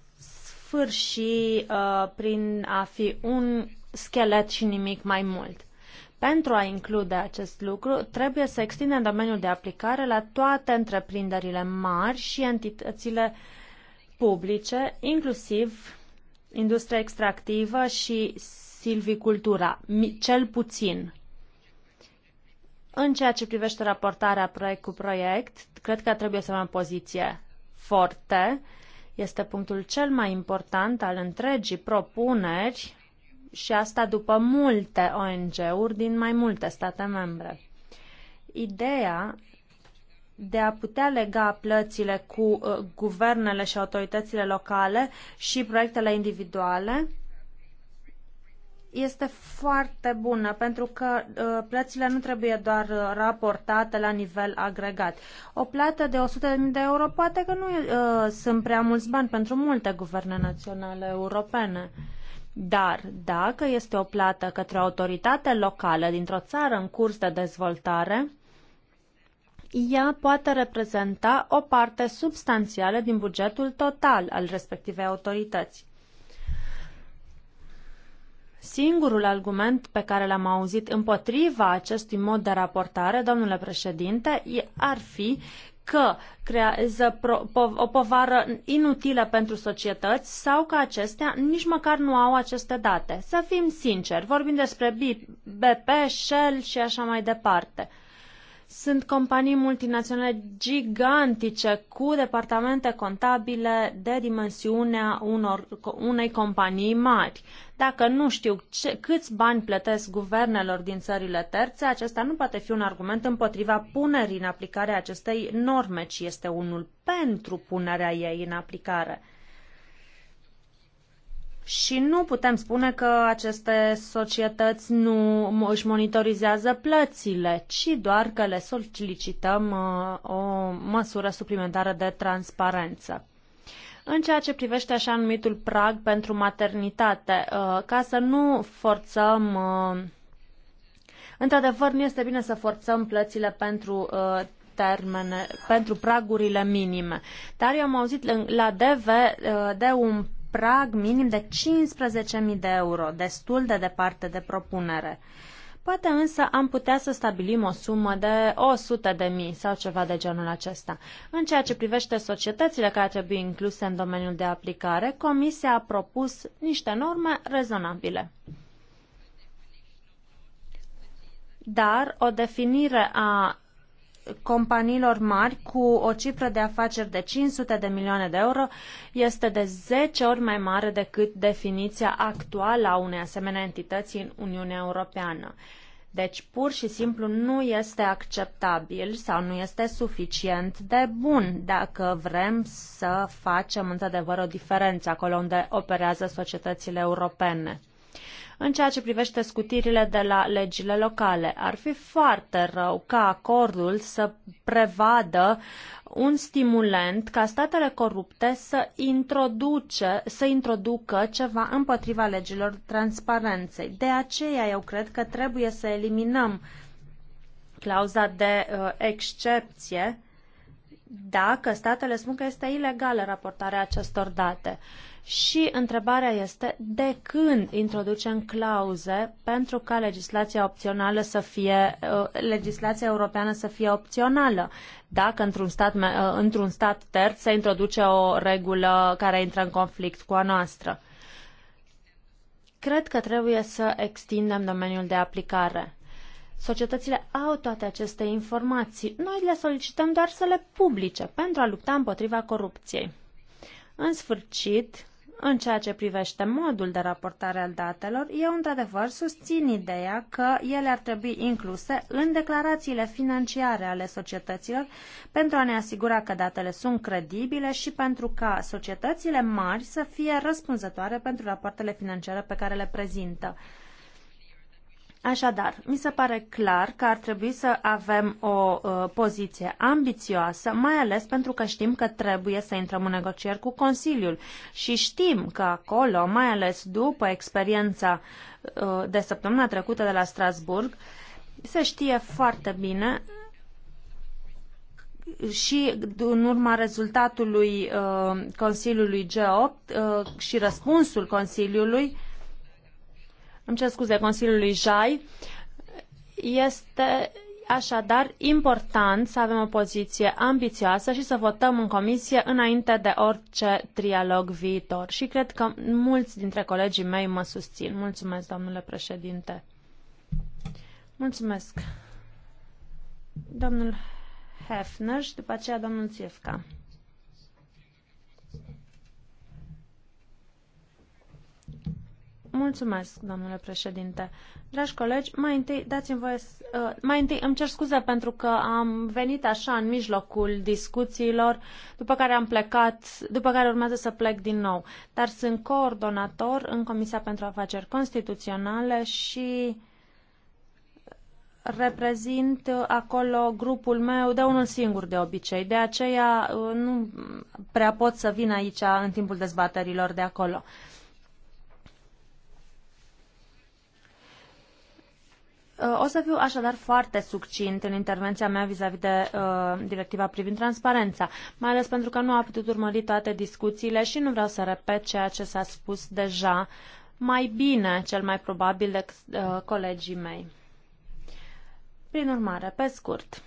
sfârși uh, prin a fi un schelet și nimic mai mult. Pentru a include acest lucru, trebuie să extindem domeniul de aplicare la toate întreprinderile mari și entitățile publice, inclusiv industria extractivă și silvicultura, cel puțin. În ceea ce privește raportarea proiect cu proiect, cred că trebuie să avem poziție forte. Este punctul cel mai important al întregii propuneri și asta după multe ONG-uri din mai multe state membre. Ideea de a putea lega plățile cu uh, guvernele și autoritățile locale și proiectele individuale este foarte bună pentru că uh, plățile nu trebuie doar uh, raportate la nivel agregat. O plată de 100.000 de euro poate că nu uh, sunt prea mulți bani pentru multe guverne naționale europene. Uh, dar dacă este o plată către o autoritate locală dintr-o țară în curs de dezvoltare, ea poate reprezenta o parte substanțială din bugetul total al respectivei autorități. Singurul argument pe care l-am auzit împotriva acestui mod de raportare, domnule președinte, ar fi că creează o povară inutilă pentru societăți sau că acestea nici măcar nu au aceste date. Să fim sinceri, vorbim despre BP, Shell și așa mai departe. Sunt companii multinaționale gigantice cu departamente contabile de dimensiunea unor, unei companii mari. Dacă nu știu ce, câți bani plătesc guvernelor din țările terțe, acesta nu poate fi un argument împotriva punerii în aplicare a acestei norme, ci este unul pentru punerea ei în aplicare. Și nu putem spune că aceste societăți nu își monitorizează plățile, ci doar că le solicităm uh, o măsură suplimentară de transparență. În ceea ce privește așa numitul prag pentru maternitate, uh, ca să nu forțăm. Uh, într-adevăr, nu este bine să forțăm plățile pentru termene, pentru pragurile minime. Dar eu am auzit la DV de un prag minim de 15.000 de euro, destul de departe de propunere. Poate însă am putea să stabilim o sumă de 100 de mii sau ceva de genul acesta. În ceea ce privește societățile care trebuie incluse în domeniul de aplicare, Comisia a propus niște norme rezonabile. Dar o definire a companiilor mari cu o cifră de afaceri de 500 de milioane de euro este de 10 ori mai mare decât definiția actuală a unei asemenea entități în Uniunea Europeană. Deci, pur și simplu, nu este acceptabil sau nu este suficient de bun dacă vrem să facem într-adevăr o diferență acolo unde operează societățile europene. În ceea ce privește scutirile de la legile locale, ar fi foarte rău ca acordul să prevadă un stimulent ca statele corupte să, introduce, să introducă ceva împotriva legilor transparenței. De aceea eu cred că trebuie să eliminăm clauza de uh, excepție dacă statele spun că este ilegală raportarea acestor date. Uh, și întrebarea este de când introducem clauze pentru ca legislația opțională să fie uh, legislația europeană să fie opțională. Dacă într-un stat, uh, într-un stat terț se introduce o regulă care intră în conflict cu a noastră. Cred că trebuie să extindem domeniul de aplicare. Societățile au toate aceste informații. Noi le solicităm doar să le publice pentru a lupta împotriva corupției. În sfârșit, în ceea ce privește modul de raportare al datelor, eu într-adevăr susțin ideea că ele ar trebui incluse în declarațiile financiare ale societăților pentru a ne asigura că datele sunt credibile și pentru ca societățile mari să fie răspunzătoare pentru rapoartele financiare pe care le prezintă. Așadar, mi se pare clar că ar trebui să avem o uh, poziție ambițioasă, mai ales pentru că știm că trebuie să intrăm în negocieri cu Consiliul și știm că acolo, mai ales după experiența uh, de săptămâna trecută de la Strasburg, se știe foarte bine și în urma rezultatului uh, Consiliului G8 uh, și răspunsul Consiliului îmi cer scuze, Consiliului JAI, este așadar important să avem o poziție ambițioasă și să votăm în comisie înainte de orice trialog viitor. Și cred că mulți dintre colegii mei mă susțin. Mulțumesc, domnule președinte. Mulțumesc. Domnul Hefner și după aceea domnul Țiefca. Mulțumesc, domnule președinte. Dragi colegi, mai întâi dați-mi voie, uh, mai întâi îmi cer scuze pentru că am venit așa în mijlocul discuțiilor, după care am plecat, după care urmează să plec din nou. Dar sunt coordonator în Comisia pentru Afaceri Constituționale și reprezint acolo grupul meu de unul singur de obicei. De aceea uh, nu prea pot să vin aici în timpul dezbaterilor de acolo. Uh, Uh, o să fiu așadar foarte succint în intervenția mea vis-a-vis -vis de uh, directiva privind transparența, mai ales pentru că nu am putut urmări toate discuțiile și nu vreau să repet ceea ce s-a spus deja mai bine, cel mai probabil, de uh, colegii mei. Prin urmare, pe scurt,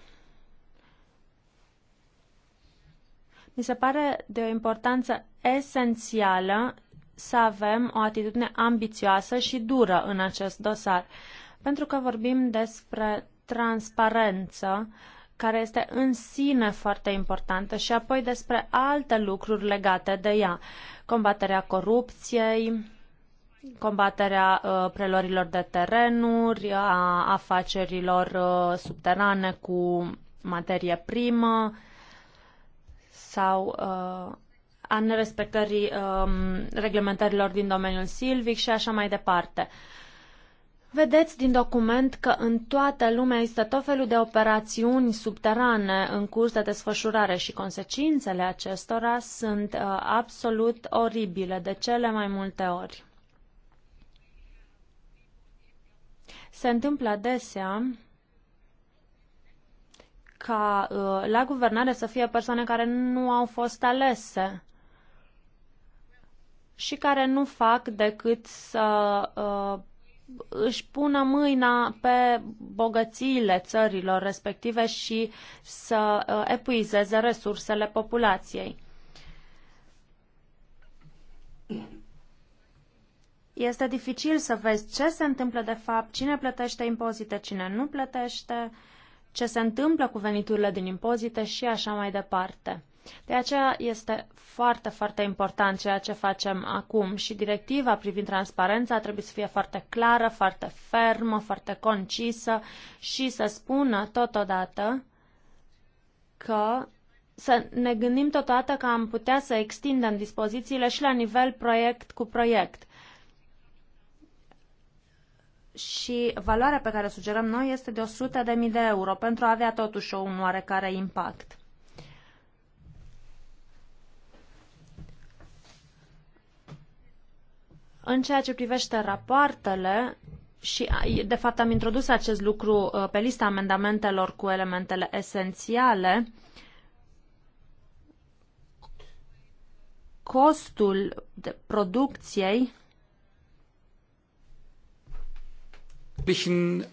mi se pare de o importanță esențială să avem o atitudine ambițioasă și dură în acest dosar. Uh, pentru că vorbim despre transparență, care este în sine foarte importantă, și apoi despre alte lucruri legate de ea. Combaterea corupției, combaterea uh, prelorilor de terenuri, a afacerilor uh, subterane cu materie primă sau uh, a nerespectării uh, reglementărilor din domeniul silvic și așa mai departe. Uh, Vedeți din document că în toată lumea există tot felul de operațiuni subterane în curs de desfășurare și consecințele acestora sunt uh, absolut oribile de cele mai multe ori. Se întâmplă adesea ca uh, la guvernare să fie persoane care nu au fost alese și care nu fac decât să uh, își pună mâina pe bogățiile țărilor respective și să uh, epuizeze resursele populației. Este dificil să vezi ce se întâmplă de fapt, cine plătește impozite, cine nu plătește, ce se întâmplă cu veniturile din impozite și așa mai departe. De aceea este foarte, foarte important ceea ce facem acum și directiva privind transparența trebuie să fie foarte clară, foarte fermă, foarte concisă și să spună totodată că să ne gândim totodată că am putea să extindem dispozițiile și la nivel proiect cu proiect. Și valoarea pe care o sugerăm noi este de 100.000 de euro pentru a avea totuși un oarecare impact. În ceea ce privește rapoartele, și de fapt am introdus acest lucru uh, pe lista amendamentelor cu elementele esențiale, costul de producției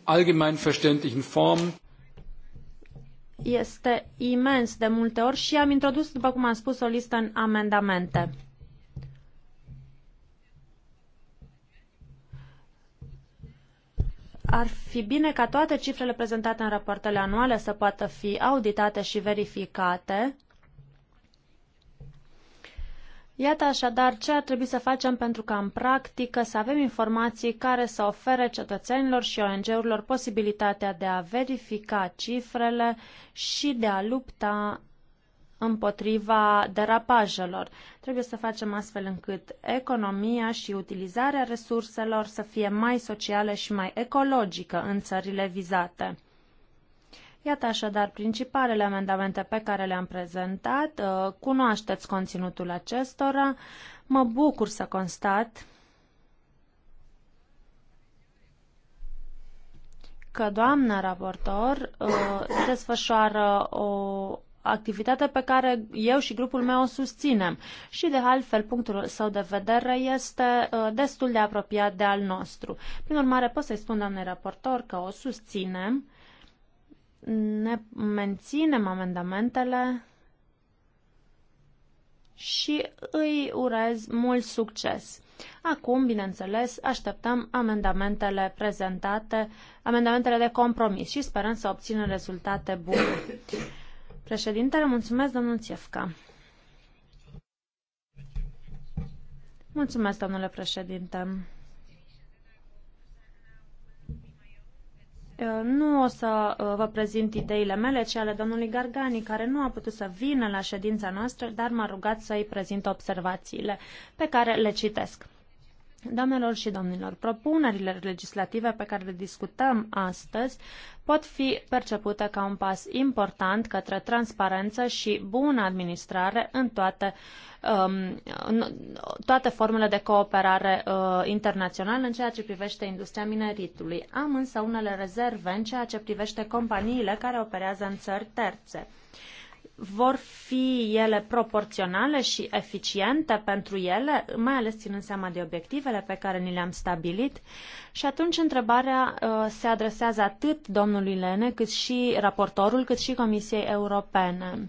allgemein verständlichen Form este imens de multe ori și am introdus, după cum am spus, o listă în amendamente. ar fi bine ca toate cifrele prezentate în rapoartele anuale să poată fi auditate și verificate. Iată așadar ce ar trebui să facem pentru ca în practică să avem informații care să ofere cetățenilor și ONG-urilor posibilitatea de a verifica cifrele și de a lupta împotriva derapajelor. Trebuie să facem astfel încât economia și utilizarea resurselor să fie mai socială și mai ecologică în țările vizate. Iată așadar principalele amendamente pe care le-am prezentat. Uh, cunoașteți conținutul acestora. Mă bucur să constat că doamna raportor uh, desfășoară o activitate pe care eu și grupul meu o susținem. Și de altfel, punctul său de vedere este uh, destul de apropiat de al nostru. Prin urmare, pot să-i spun, doamnei raportor, că o susținem, ne menținem amendamentele și îi urez mult succes. Acum, bineînțeles, așteptăm amendamentele prezentate, amendamentele de compromis și sperăm să obținem rezultate bune. Președintele, mulțumesc, domnul Țiefca. Mulțumesc, domnule președinte. Nu o să uh, vă prezint ideile mele, ci ale domnului Gargani, care nu a putut să vină la ședința noastră, dar m-a rugat să-i prezint observațiile pe care le citesc. Doamnelor și domnilor, propunerile legislative pe care le discutăm astăzi pot fi percepute ca un pas important către transparență și bună administrare în toate, um, toate formele de cooperare uh, internațională în ceea ce privește industria mineritului. Am însă unele rezerve în ceea ce privește companiile care operează în țări terțe vor fi ele proporționale și eficiente pentru ele, mai ales ținând seama de obiectivele pe care ni le-am stabilit. Și atunci întrebarea uh, se adresează atât domnului Lene, cât și raportorul, cât și Comisiei Europene.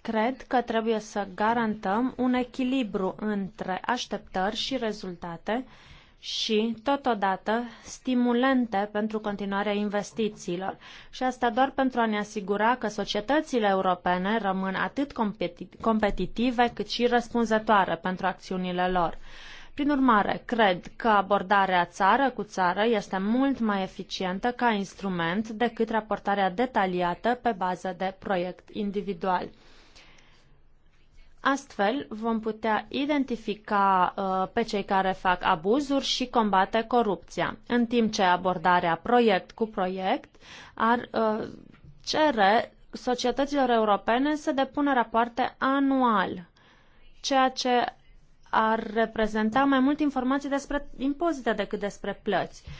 Cred că trebuie să garantăm un echilibru între așteptări și rezultate uh, și, totodată, stimulente pentru continuarea investițiilor. Și asta doar pentru a ne asigura că societățile europene rămân atât competitive cât și răspunzătoare pentru acțiunile lor. Prin urmare, cred că abordarea țară cu țară este mult mai eficientă ca instrument decât raportarea detaliată pe bază de proiect individual. Astfel vom putea identifica uh, pe cei care fac abuzuri și combate corupția, în timp ce abordarea proiect cu proiect ar uh, cere societăților europene să depună rapoarte anual, ceea ce ar reprezenta mai mult informații despre impozite decât despre plăți. Uh,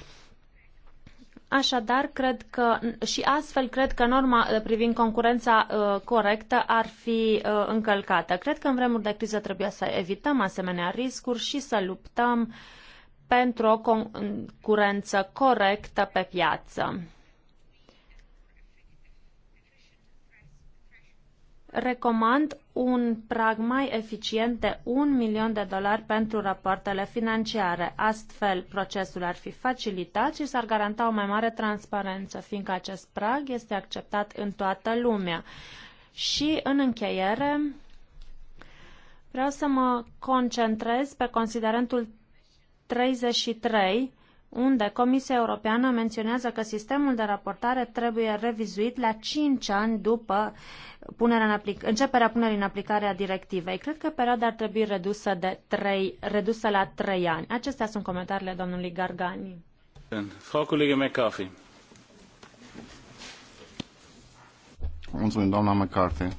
Așadar, cred că și astfel cred că norma uh, privind concurența uh, corectă ar fi uh, încălcată. Cred că în vremuri de criză trebuia să evităm asemenea riscuri și să luptăm pentru o concurență corectă pe piață. Recomand un prag mai eficient de 1 milion de dolari pentru rapoartele financiare. Astfel, procesul ar fi facilitat și s-ar garanta o mai mare transparență, fiindcă acest prag este acceptat în toată lumea. Și, în încheiere, vreau să mă concentrez pe considerentul 33, unde Comisia Europeană menționează că sistemul de raportare trebuie revizuit la 5 ani după punerea în aplic- începerea punerii în aplicare a directivei. Cred că perioada ar trebui redusă, de 3, redusă la 3 ani. Acestea sunt comentariile domnului Gargani. Frau Kollege McCarthy. Mulțumim, doamna McCarthy.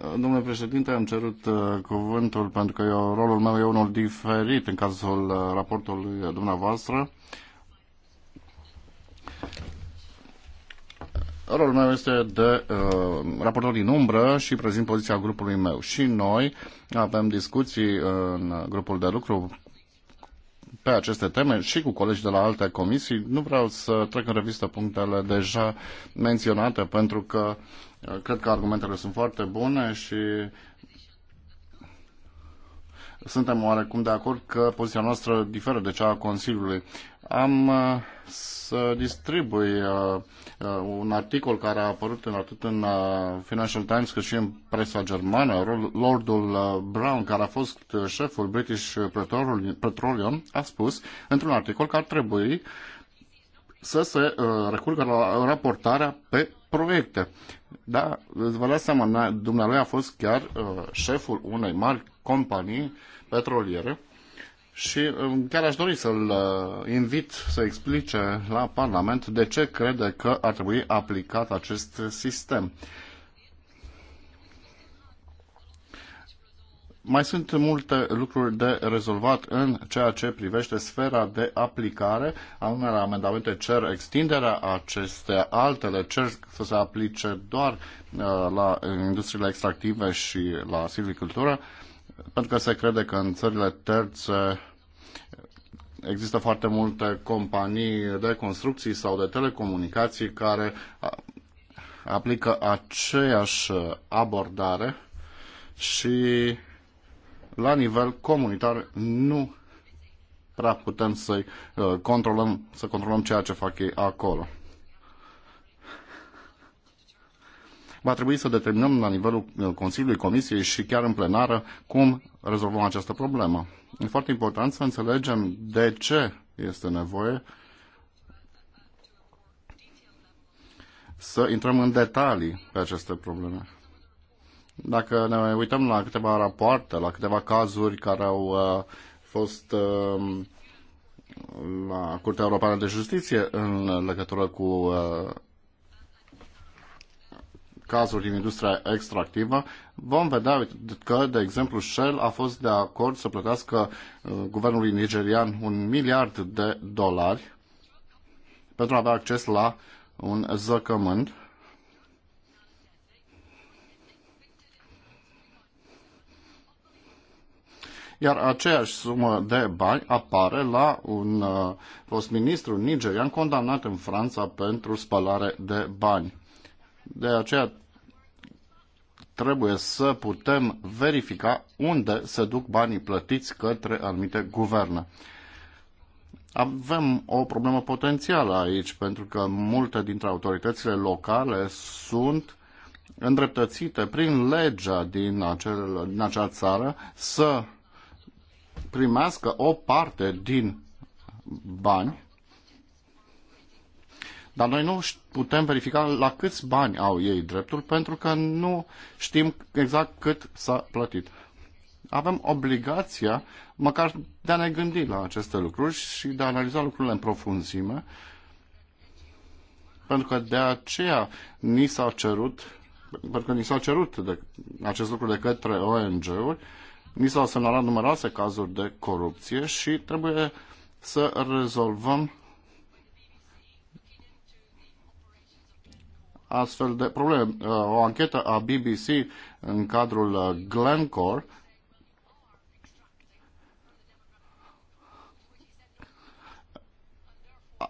Domnule președinte, am cerut uh, cuvântul pentru că rolul meu e unul diferit în cazul uh, raportului dumneavoastră. Rolul meu este de uh, raportor din umbră și prezint poziția grupului meu. Și noi avem discuții în grupul de lucru pe aceste teme și cu colegi de la alte comisii. Nu vreau să trec în revistă punctele deja menționate pentru că uh, Uh, cred că argumentele sunt foarte bune și suntem oarecum de acord că poziția noastră diferă de cea a Consiliului. Am uh, să distribui uh, un articol care a apărut în, atât în Financial Times cât și în presa germană. Lordul Brown, care a fost șeful British Petroleum, a spus într-un articol că ar trebui să se recurgă la raportarea pe proiecte. Da, vă dați seama, dumnealui a fost chiar uh, șeful unei mari companii petroliere și uh, chiar aș dori să-l uh, invit să explice la Parlament de ce crede că ar trebui aplicat acest sistem. Uh, Mai sunt multe lucruri de rezolvat în ceea ce privește sfera de aplicare. A unele amendamente cer extinderea acestea, altele cer să se aplice doar uh, la industriile extractive și la silvicultură, pentru că se crede că în țările terțe există foarte multe companii de construcții sau de telecomunicații care uh, aplică aceeași abordare și la nivel comunitar nu prea putem să uh, controlăm, să controlăm ceea ce fac ei acolo. Va trebui să determinăm la nivelul uh, Consiliului, Comisiei și chiar în plenară cum rezolvăm această problemă. E foarte important să înțelegem de ce este nevoie să intrăm în detalii pe aceste probleme. Dacă ne uităm la câteva rapoarte, la câteva cazuri care au uh, fost uh, la Curtea Europeană de Justiție în legătură cu uh, cazuri din industria extractivă, vom vedea că, de exemplu, Shell a fost de acord să plătească guvernului nigerian un miliard de dolari pentru a avea acces la un zăcământ iar aceeași sumă de bani apare la un uh, fost ministru nigerian condamnat în Franța pentru spălare de bani. De aceea trebuie să putem verifica unde se duc banii plătiți către anumite guverne. Avem o problemă potențială aici, pentru că multe dintre autoritățile locale sunt îndreptățite prin legea din, acel, din acea țară să primească o parte din bani, dar noi nu putem verifica la câți bani au ei dreptul pentru că nu știm exact cât s-a plătit. Avem obligația măcar de a ne gândi la aceste lucruri și de a analiza lucrurile în profunzime, pentru că de aceea ni s-a cerut pentru că ni s-a cerut de, acest lucru de către ONG-uri, uh, mi s-au semnalat numeroase cazuri de corupție și trebuie să rezolvăm astfel de probleme. O anchetă a BBC în cadrul Glencore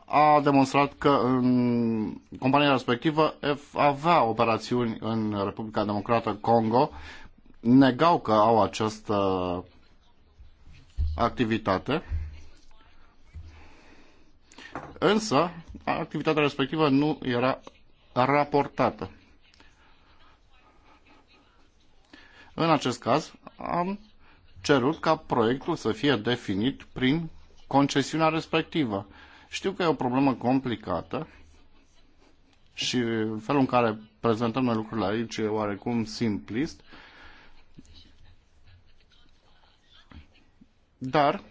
a demonstrat că compania respectivă avea operațiuni în Republica Democrată Congo negau că au această activitate, însă activitatea respectivă nu era raportată. În acest caz, am cerut ca proiectul să fie definit prin concesiunea respectivă. Știu că e o problemă complicată și felul în care prezentăm noi lucrurile aici e oarecum simplist, Dar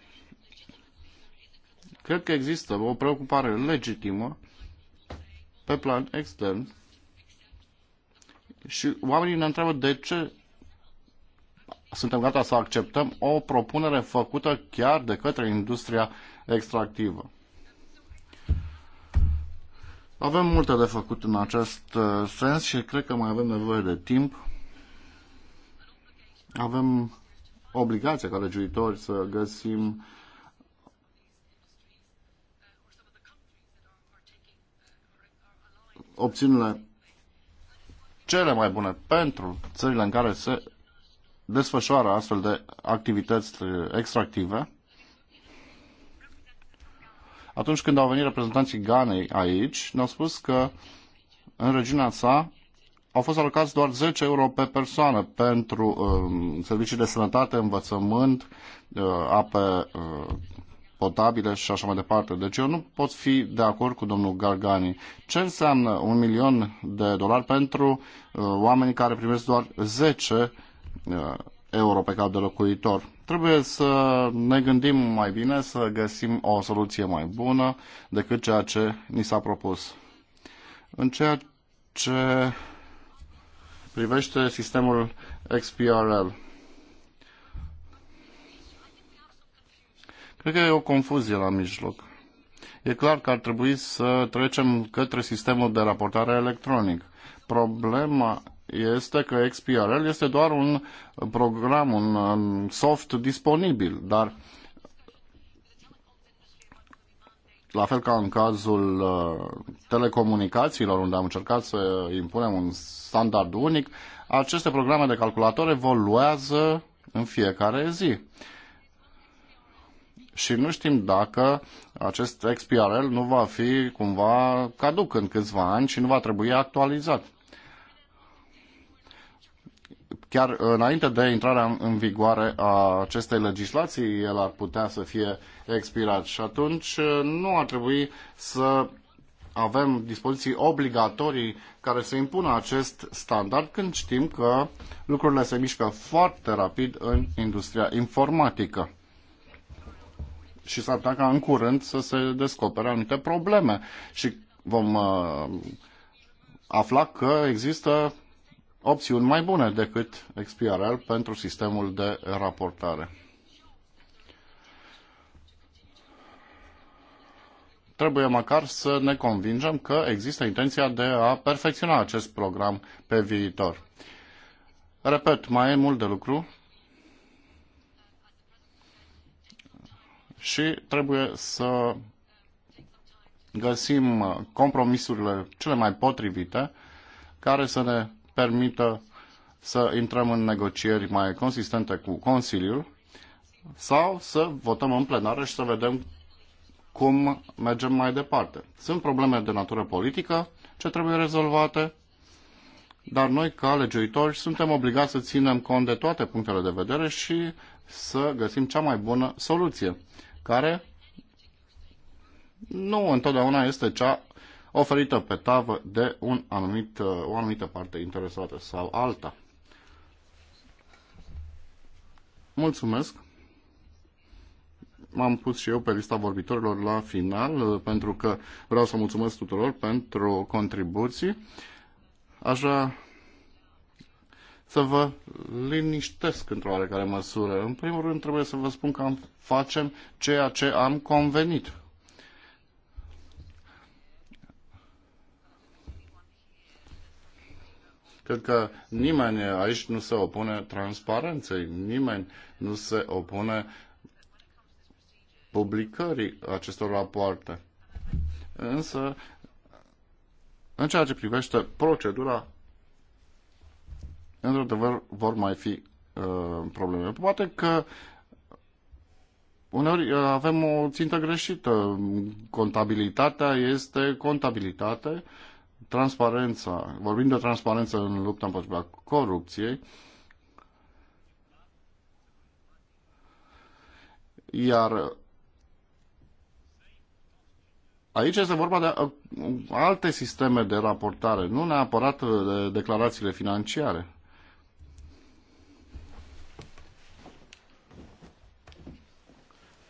cred că există o preocupare legitimă pe plan extern și oamenii ne întreabă de ce suntem gata să acceptăm o propunere făcută chiar de către industria extractivă. Avem multe de făcut în acest uh, sens și cred că mai avem nevoie de timp. Avem obligația ca legiuitori să găsim opțiunile cele mai bune pentru țările în care se desfășoară astfel de activități extractive. Atunci când au venit reprezentanții Ganei aici, ne-au spus că în regiunea sa au fost alocați doar 10 euro pe persoană pentru uh, servicii de sănătate, învățământ, uh, ape uh, potabile și așa mai departe. Deci eu nu pot fi de acord cu domnul Gargani. Ce înseamnă un milion de dolari pentru uh, oamenii care primesc doar 10 uh, euro pe cap de locuitor? Trebuie să ne gândim mai bine, să găsim o soluție mai bună decât ceea ce ni s-a propus. În ceea ce privește sistemul XPRL. Cred că e o confuzie la mijloc. E clar că ar trebui să trecem către sistemul de raportare electronic. Problema este că XPRL este doar un program, un soft disponibil, dar uh, la fel ca în cazul uh, telecomunicațiilor, unde am încercat să impunem un standard unic, aceste programe de calculator evoluează în fiecare zi. Și nu știm dacă acest XPRL nu va fi cumva caduc în câțiva ani și nu va trebui actualizat chiar înainte de intrarea în vigoare a acestei legislații, el ar putea să fie expirat și atunci uh, nu ar trebui să avem dispoziții obligatorii care să impună acest standard când știm că lucrurile se mișcă foarte rapid în industria informatică. Și s-ar putea ca în curând să se descopere anumite probleme și vom uh, afla că există opțiuni mai bune decât XPRL pentru sistemul de raportare. Trebuie măcar să ne convingem că există intenția de a perfecționa acest program pe viitor. Repet, mai e mult de lucru și trebuie să găsim compromisurile cele mai potrivite care să ne permită să intrăm în negocieri mai consistente cu Consiliul sau să votăm în plenară și să vedem cum mergem mai departe. Sunt probleme de natură politică ce trebuie rezolvate, dar noi, ca legiuitori, suntem obligați să ținem cont de toate punctele de vedere și să găsim cea mai bună soluție, care nu întotdeauna este cea oferită pe tavă de un anumit, uh, o anumită parte interesată sau alta. Mulțumesc! m-am pus și eu pe lista vorbitorilor la final, uh, pentru că vreau să mulțumesc tuturor pentru contribuții. Aș vrea să vă liniștesc într-o oarecare măsură. În primul rând, trebuie să vă spun că am, facem ceea ce am convenit. Cred că nimeni aici nu se opune transparenței, nimeni nu se opune publicării acestor rapoarte. Însă, în ceea ce privește procedura, într-adevăr, vor mai fi uh, probleme. Poate că uneori uh, avem o țintă greșită. Contabilitatea este contabilitate, uh, transparența, vorbim de transparență în lupta împotriva corupției, iar aici este vorba de uh, alte sisteme de raportare, nu neapărat uh, de declarațiile financiare.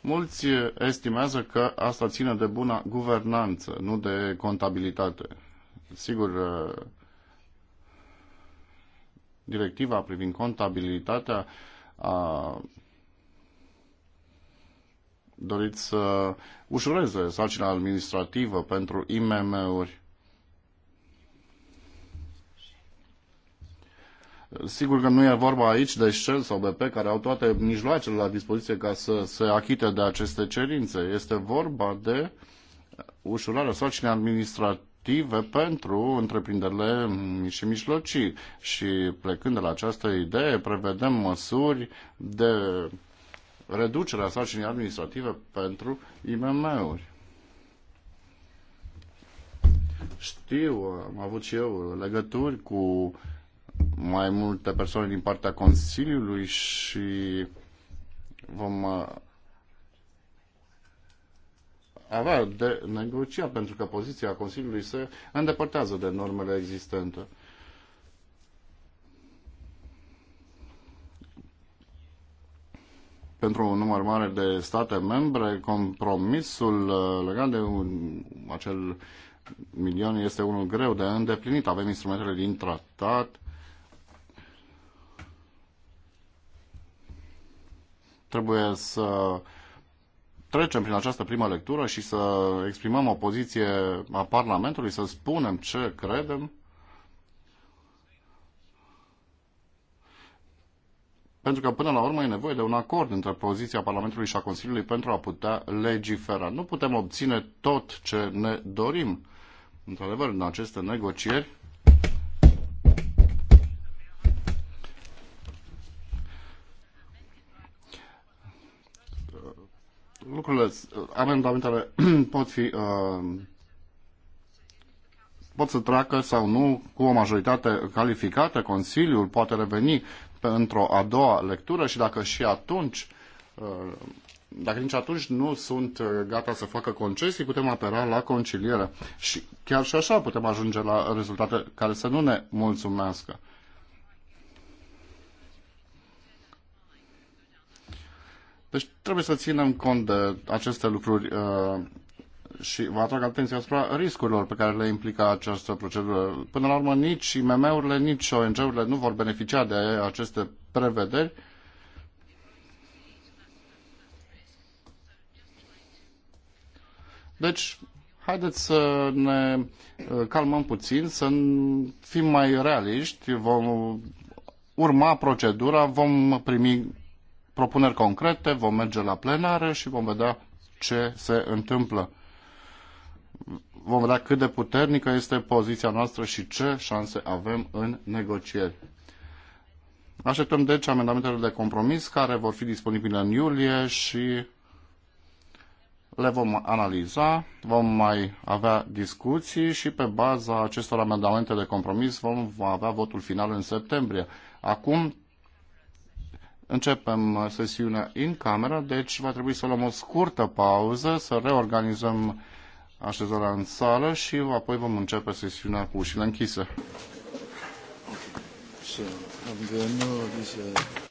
Mulți uh, estimează că asta ține de buna guvernanță, nu de contabilitate. Sigur, uh, directiva privind contabilitatea a dorit să ușureze sarcina administrativă pentru IMM-uri. Sigur că nu e vorba aici de Shell sau BP care au toate mijloacele la dispoziție ca să se achite de aceste cerințe. Este vorba de ușurarea sarcinii administrative active pentru întreprinderile mici și mijlocii. Și plecând de la această idee, prevedem măsuri de reducere a sarcinii administrative pentru IMM-uri. Știu, am avut și eu legături cu mai multe persoane din partea Consiliului și vom avea de negocia pentru că poziția Consiliului se îndepărtează de normele existente. pentru un număr mare de state membre, compromisul uh, legat de un, acel milion este unul greu de îndeplinit. Avem instrumentele din tratat. Trebuie să trecem prin această primă lectură și să exprimăm o poziție a Parlamentului, să spunem ce credem. Pentru că până la urmă e nevoie de un acord între poziția Parlamentului și a Consiliului pentru a putea legifera. Nu putem obține tot ce ne dorim. Într-adevăr, în aceste negocieri lucrurile, amendamentele pot fi uh, pot să treacă sau nu cu o majoritate calificată, Consiliul poate reveni într-o a doua lectură și dacă și atunci uh, dacă nici atunci nu sunt gata să facă concesii, putem apela la conciliere. Și chiar și așa putem ajunge la rezultate care să nu ne mulțumească. Deci trebuie să ținem cont de aceste lucruri uh, și vă atrag atenția asupra riscurilor pe care le implică această procedură. Până la urmă, nici IMM-urile, nici ONG-urile nu vor beneficia de aceste prevederi. Deci, haideți să ne uh, calmăm puțin, să fim mai realiști, vom urma procedura, vom primi propuneri concrete, vom merge la plenare și vom vedea ce se întâmplă. Vom vedea cât de puternică este poziția noastră și ce șanse avem în negocieri. Așteptăm deci amendamentele de compromis care vor fi disponibile în iulie și le vom analiza, vom mai avea discuții și pe baza acestor amendamente de compromis vom avea votul final în septembrie. Acum Începem uh, sesiunea în camera, deci va trebui să luăm o scurtă pauză, să reorganizăm așezarea în sală și apoi vom începe sesiunea cu ușile închise. Okay. So,